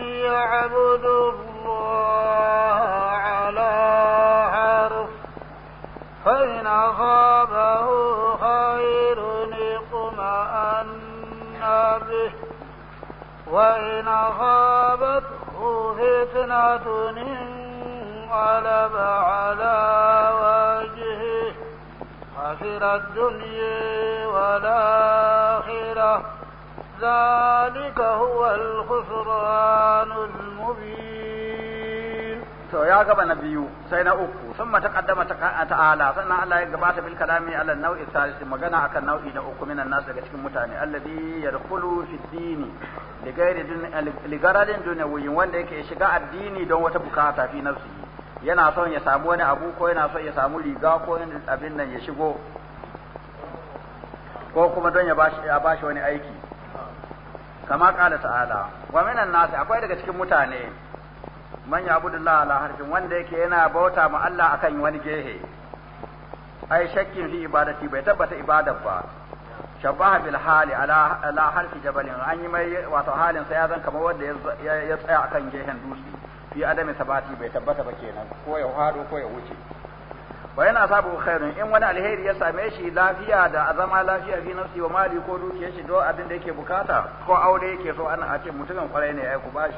Speaker 2: يعبد الله على حرف فإن أصابه خير اطمأن به وإن أصابته فتنة انقلب على وجهه خسر الدنيا والآخرة ذلك هو الخسران المبين
Speaker 1: to ya gaba na biyu sai na uku sun mata kaddama ta'ala sannan Allah ya gabata bil kalami ala nau'i salisi magana akan nau'i na uku minan nasu daga cikin mutane alladhi yadkhulu fi dini li ghairi li wanda yake shiga addini don wata bukata fi nafsihi yana son ya samu wani abu ko yana son ya samu riga ko abin nan ya shigo ko kuma don ya bashi wani aiki kama kala ta'ala wa minan nasi akwai daga cikin mutane man ya'budullaha ala harfin wanda yake yana bauta ma Allah akan wani gehe ai shakkin fi ibadati bai tabbata ibadar ba shabaha bil hali ala ala harfi jabalin an yi mai wato halin sa ya zan kamar wanda ya tsaya akan gehen dutse fi adami sabati bai tabbata ba kenan ko ya hado ko ya wuce wa yana sabu khairun in wani alheri ya same shi lafiya da azama lafiya fi nafsi wa mali ko dukiyar shi do abin da yake bukata ko aure yake so ana a ce mutumin kwarai ne ya ku bashi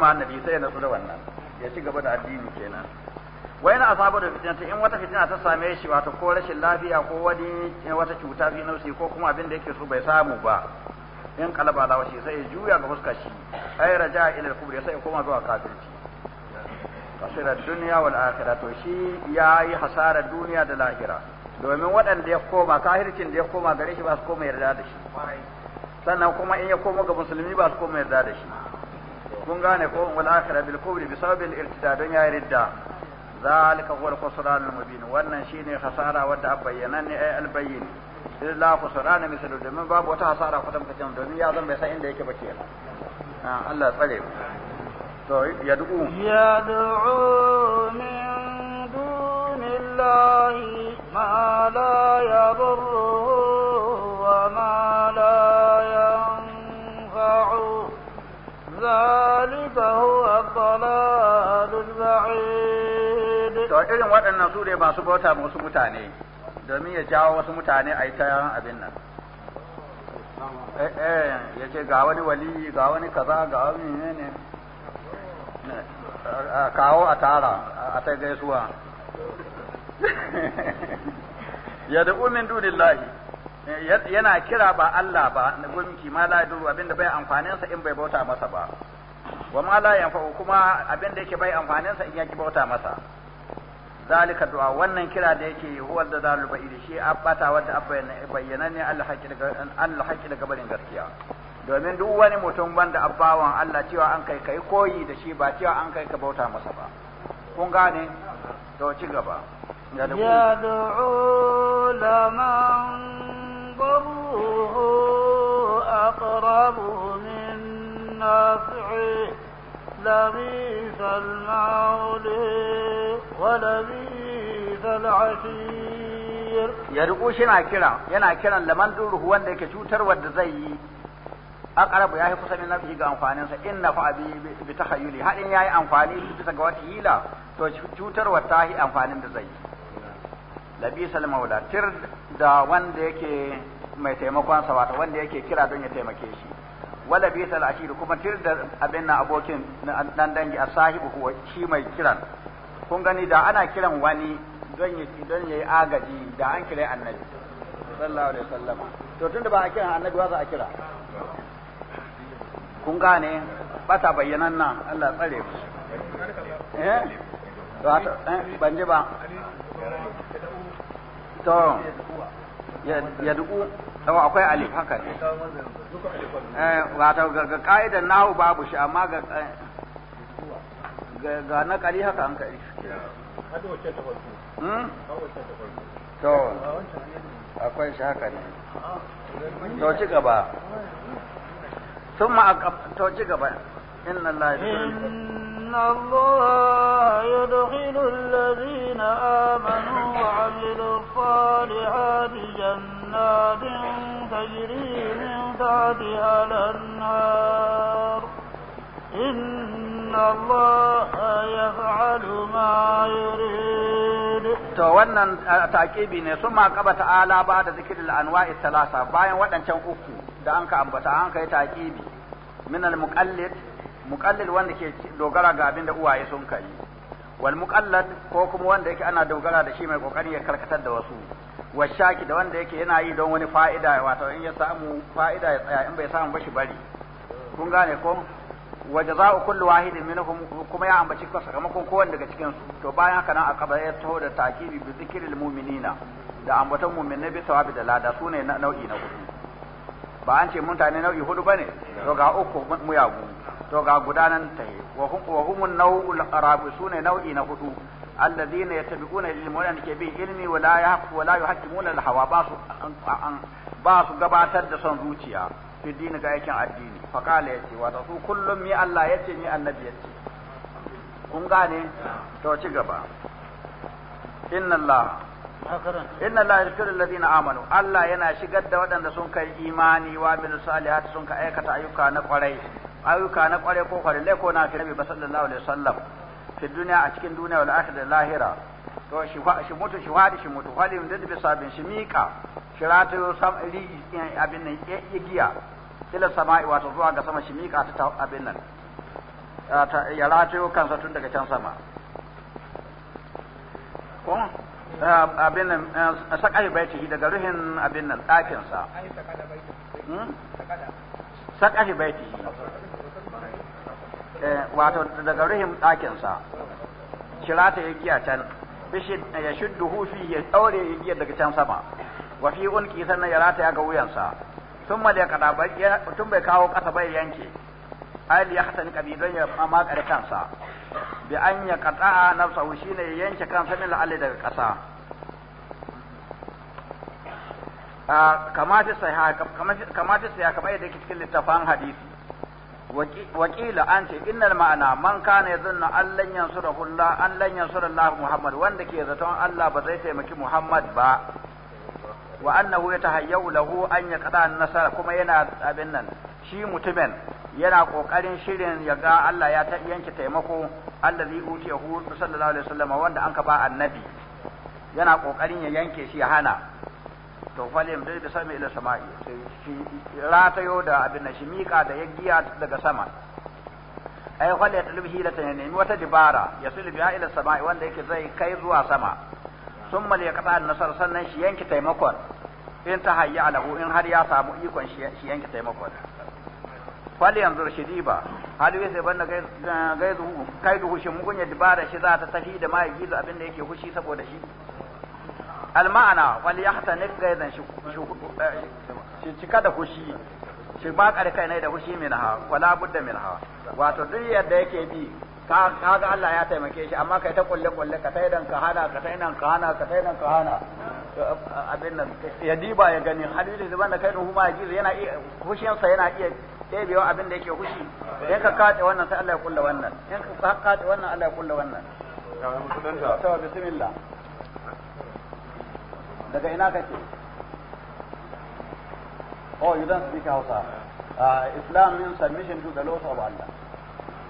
Speaker 1: ma annabi sai na da wannan ya ci gaba da addini kenan wa yana sabu da fitina in wata fitina ta same shi wato ko rashin lafiya ko wani wata cuta fi nafsi ko kuma abin da yake so bai samu ba in qalaba ala washi sai ya juya ga fuskar shi ay raja ila al-kubri sai ya koma zuwa kafirci kasira duniya wal akhirah to shi yayi hasara duniya da lahira domin waɗanda ya koma kahircin da ya koma gare shi ba su koma yarda da shi sannan kuma in ya koma ga musulmi ba su koma yarda da shi kun gane ko wal akhirah bil kubri bi sababil irtida don yayi ridda zalika huwa al-khusran al-mubin wannan shine hasara wadda bayyana ne ay al-bayyin illa kusurana misalu domin babu wata hasara kutan kacin domin ya zan bai san inda yake ba ke Allah tsare mu to yad'u
Speaker 2: yad'u min dunillahi ma la yadurruhu wa ma la yanfa'u zalika huwa ad-dalalul ba'id
Speaker 1: to irin waɗannan su ne masu bauta musu mutane domin ya jawo wasu mutane a yi ta abin nan eh, eh, ya ce ga wani wali ga wani kaza ga wani ne ne
Speaker 3: eh, kawo a
Speaker 1: tara a ta gaisuwa ya da umin dunillahi yana kira ba Allah ba na gumki ma la duru abinda bai amfaninsa in bai bauta masa ba wa ma la yanfa kuma abinda yake bai amfaninsa in yaki bauta masa zalika du'a wannan kira da yake yi huwa da zalul ba'id shi abbata wanda a bayyana ne Allah haƙi daga Allah haƙi daga barin gaskiya domin duk wani mutum wanda abbawan Allah cewa an kai kai koyi da shi ba cewa an kai ka bauta masa ba kun gane to ci gaba
Speaker 2: يدعو لمن ضره أقرب من نافعه لبيث المولي ولبيث العشير
Speaker 1: يرقو شنا كرا ينا كرا لمن دوره وان ديك شوتر ود زي أقرب يا كسا من نفسه ga amfanin sa in nafa bi bi takhayyuli har in yayi amfani bisa ga wata hila to cutar wata hi amfanin da zai labisal maula tir da wanda yake mai taimakon sa wanda yake kira don ya taimake shi wala bi ta al'ashir kuma tir da abin nan abokin dan dangi asahibu huwa shi mai kiran kun gani da ana kiran wani don ya don yayi agaji da an kira annabi sallallahu alaihi wasallam to tunda ba a kira annabi wa za a kira kun gane ta bayyanan nan Allah tsare
Speaker 3: ku
Speaker 1: eh to eh, ban ji ba to ya duku sama akwai alif haka ne eh, wato ga ka'idar nahu babu shi amma ga ga na kari haka an kari
Speaker 3: hmm? to
Speaker 1: akwai shi haka ne to ci gaba ثم to ci gaba إن الله إن
Speaker 2: الله يدخل الذين آمنوا وعملوا الصالحات جنات جنات تجري من تحتها الأنهار إن الله يفعل ما
Speaker 1: يريد to wannan taƙibi ne sun maƙaba ta'ala ba da zikirin anwa'i talasa bayan waɗancan uku da an ka ambata an kai taƙibi min al-muqallid muqallid wanda ke dogara ga abin da uwaye sun kai wal muqallad ko kuma wanda yake ana dogara da shi mai ƙoƙarin ya karkatar da wasu wa shaki da wanda yake yana yi don wani fa'ida wato in ya samu fa'ida ya tsaya in bai samu ba shi bari kun gane ko wa kullu kulli wahidin minhum kuma ya ambaci ka sakamakon kowanne daga cikin su to bayan haka nan a kaba ya taho da takibi bi zikril mu'minina da ambaton na bi sawabi da lada sune nau'i na hudu ba an ce mutane nau'i hudu bane to ga uku muyagu to ga gudanan ta yi wa humun nau'ul su sune nau'i na hudu الذين يتبعون للمولان كبي علمي ولا يحق ولا يحكمون الهوى باس باس غباتر da son zuciya fi dini ga aikin addini fa kala yace wato su Allah yace kun gane to ci gaba inna inna Allah yashkuru alladhina amanu Allah yana shigar da waɗanda sun kai imani wa min salihati sun ka aikata ayyuka na kwarai ayyuka na kwarai ko kwarai ko na fi nabi sallallahu alaihi wasallam fi duniya a cikin duniya wal akhirah lahira to shi fa shi mutu shi wadi shi mutu inda da sabin shi mika shi ratayo sam ri abin nan ya giya ila sama'i wato zuwa ga sama shi mika ta abin nan ya ratayo kansa tun daga can sama ko abin nan saka sakai baiti shi daga ruhin abin nan dakin sa
Speaker 3: saka sakai baiti Eh,
Speaker 1: wato daga ruhin ɗakinsa shira ta giya can ya eh, shuddu hufi ya ɗaure giya daga can sama wa fi unki sannan ya rataya ga wuyansa tun ma da kada tun bai kawo ƙasa bai yanke ali ya hasan kabidan ya can kansa bi an ya na nafsahu shine ya yanke kansa min al'ali daga ƙasa ah, kamata sai ha kamata sai haka bai da cikin littafan hadisi wakila an ce innal ma'ana man kana yadhunnu an lan yansura Allah an lan Muhammad wanda ke zaton Allah ba zai taimaki Muhammad ba wa annahu yatahayyu lahu an yaqda an-nasara kuma yana abin nan shi mutumin yana kokarin shirin ya ga Allah ya ta yanke taimako allazi utiyahu sallallahu alaihi wasallam wanda an ka ba annabi yana kokarin ya yanke shi ya hana to falim dai da sami ila sama'i ratayo da abin nan shi mika da yaggiya daga sama ai ta lubhi la tanani nemi wata dibara ya sulbi biha ila sama'i wanda yake zai kai zuwa sama summa ya an nasar sannan shi yanki taimakon in ta hayya alahu in har ya samu ikon shi yanki taimakon fali yanzu shi diba hali yasa banda gaizu kaidu hushin mugunya dibara shi za ta tafi da mai gizo abin da yake hushi saboda shi alma'ana wal yahtanif gaidan shi shi cika da kushi shi ba kare kai ne da kushi min minha wala budda ha wato duk yadda yake bi ka ga Allah ya taimake shi amma kai ta kulle kulle ka taidan ka hana ka taidan ka hana ka taidan ka hana abin nan ya diba ya gani halili zuban da kai da ma yaji yana iya kushinsa yana iya ɗebewa abin da yake kushi. in ka kace wannan sai Allah ya kulla wannan in ka kace wannan Allah ya kulla wannan to bismillah daga ina kake oh you don't speak hausa uh, islam means submission to the laws of allah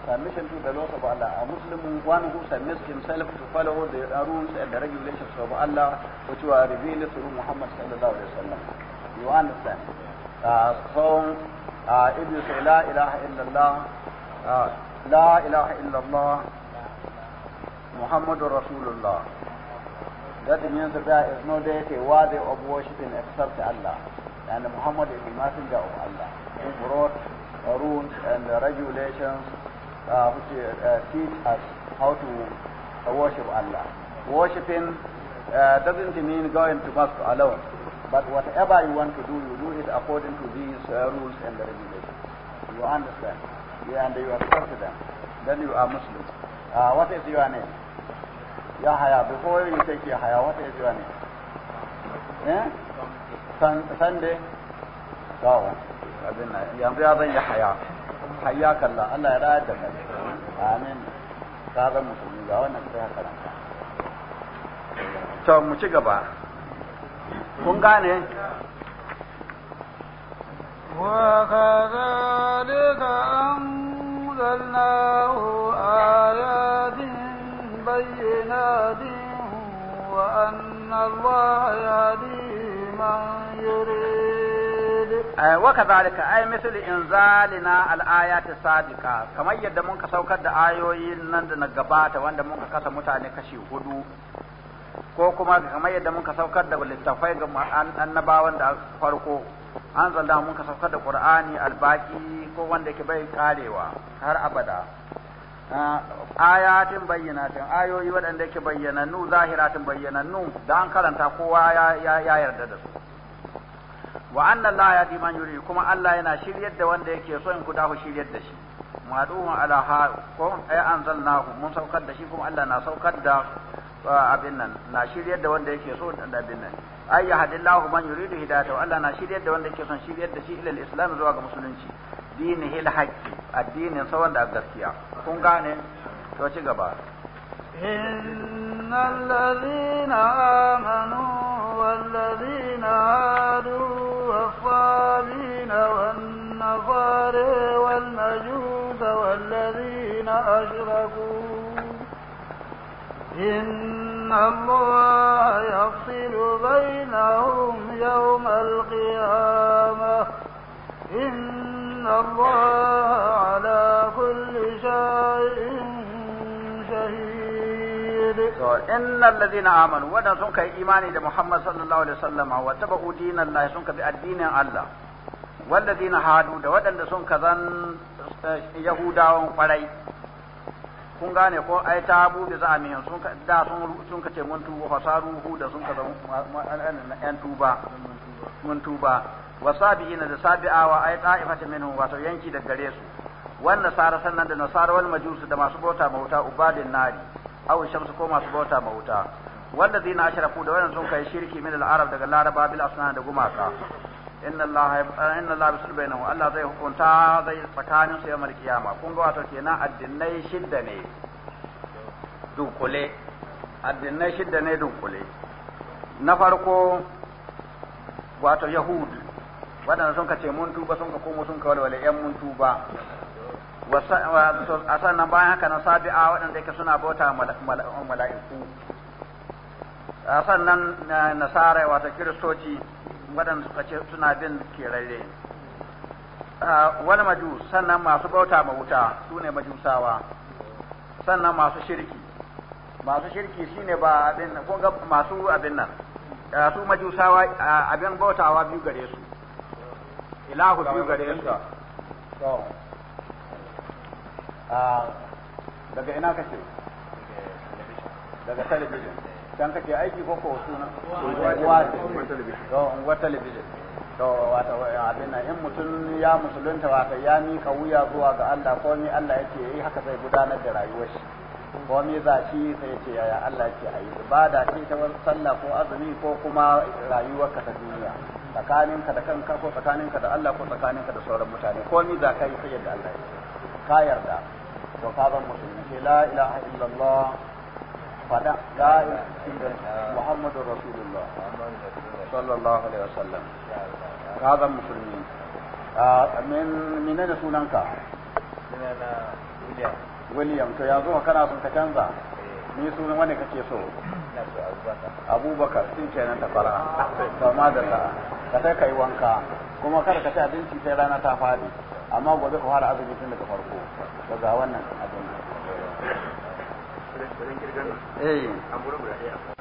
Speaker 1: submission to the laws of allah a muslim one who submits himself to follow the rules and the regulations of allah which were revealed through muhammad sallallahu alaihi wasallam you understand uh, so uh, if you say la ilaha illallah uh, la ilaha illallah muhammadur rasulullah That means that there is no deity worthy of worshipping except Allah. And Muhammad is the messenger of Allah. He brought rules and regulations uh, which uh, teach us how to uh, worship Allah. Worshipping uh, doesn't mean going to mosque alone. But whatever you want to do, you do it according to these uh, rules and the regulations. You understand? Yeah, and you accept them. Then you are Muslim. Uh, what is your name? ya haya before you take your ke haya wata ya your ne eh sande kawo abin nan yanzu ya zan yi haya haya kalla Allah ya rayar da kai amin ka ga musulmi ga wannan sai haka nan to mu ci gaba kun gane
Speaker 2: وكذلك الله يهدي من يريد
Speaker 1: وكذلك أي مثل إنزالنا الآيات الصادقة كما يد منك سوكر دا آيوين نند نقبات واند منك كسا متعني كشي هدو ko kuma kamar yadda muka saukar da littafai ga annabawan da farko an zalda muka saukar da qur'ani albaki ko wanda yake bai ƙarewa har abada ayatin bayyanatin ayoyi waɗanda yake bayyanannu zahiratin bayyanannu da an karanta kowa ya yarda da su wa anna la ya man yuri kuma Allah yana shiryar da wanda yake so in kudahu shiryar da shi maduhun ala ha ko ay anzalnahu mun saukar da shi kuma Allah na saukar da abin nan na shiryar da wanda yake so da abin nan ayyahadillahu man yuridu hidayata Allah na shiryar da wanda yake son shiryar da shi ila islam zuwa ga musulunci dinihil الحج الدين sa wanda كون gaskiya kun gane
Speaker 2: إن الذين آمنوا والذين هادوا والصابين والنصارى والمجوس والذين أشركوا إن الله يفصل بينهم يوم القيامة إن إن الله على كل شيء شهيد
Speaker 1: إن الذين آمنوا ودن سنك إيماني دا محمد صلى الله عليه وسلم واتبعوا دين الله سنك بأدين الله والذين هادوا دا ودن سنك ذن يهودا وقري kun gane ko ai ta abu da za a miyan sun da sun sun kace mun tuba fasaruhu da sun ka zama an tuba mun tuba wa sabi'ina da sabi'awa ay ta'ifatan minhum wato yanki da gare su wan nasara sannan da nasara wal majusu da masu bauta mauta ubadin nari aw shamsu ko masu bauta mauta wanda zina ashraku da wannan sun kai shirki min al arab daga laraba bil asnan da gumaka inna allah inna allah bisul bainahu allah zai hukunta zai tsakanin su yawmal qiyama kun ga wato kenan addinai shidda ne dunkule addinai shidda ne dunkule na farko wato yahudu waɗanda sun ka ce mun tuba sun ka komo sun ka walwale ‘yan mun tuba a sannan bayan haka na sabi'a waɗanda yake suna bauta mala'iku a sannan nasara wata kiristoci waɗanda suka ce suna bin kerare wani maju sannan masu bauta ma wuta su ne majusawa sannan masu shirki masu shirki shine ba abin ko ga masu abin nan su majusawa abin bautawa biyu gare su ilahu biyu gare su to ah, daga ina kake daga talabijin can kake aiki ko ko suna unguwa talabijin to wata abin nan in mutum ya musulunta wata ya mika wuya zuwa ga Allah ko ni Allah yake yi haka sai gudanar da rayuwar shi ko me za shi sai ce yaya Allah yake yi ibada ce ta sallah ko azumi ko kuma rayuwar ka ta duniya tsakaninka da kanka ko tsakaninka da Allah ko tsakaninka da sauran mutane ko ni za ka yi sai yadda Allah ya ka yarda ko ka zan musulmi sai la ilaha illallah fada la ilaha muhammadur rasulullah sallallahu alaihi wasallam ka zan musulmi min ne sunanka sunana William William to yanzu kana son ka canza ni eh. sunan wani kake so abubakar sun ce na ta fara to ma da ta ka sai kai wanka kuma kar ka ci abinci sai rana ta fadi amma gobe ka fara azumi tun daga farko
Speaker 3: daga wannan abin eh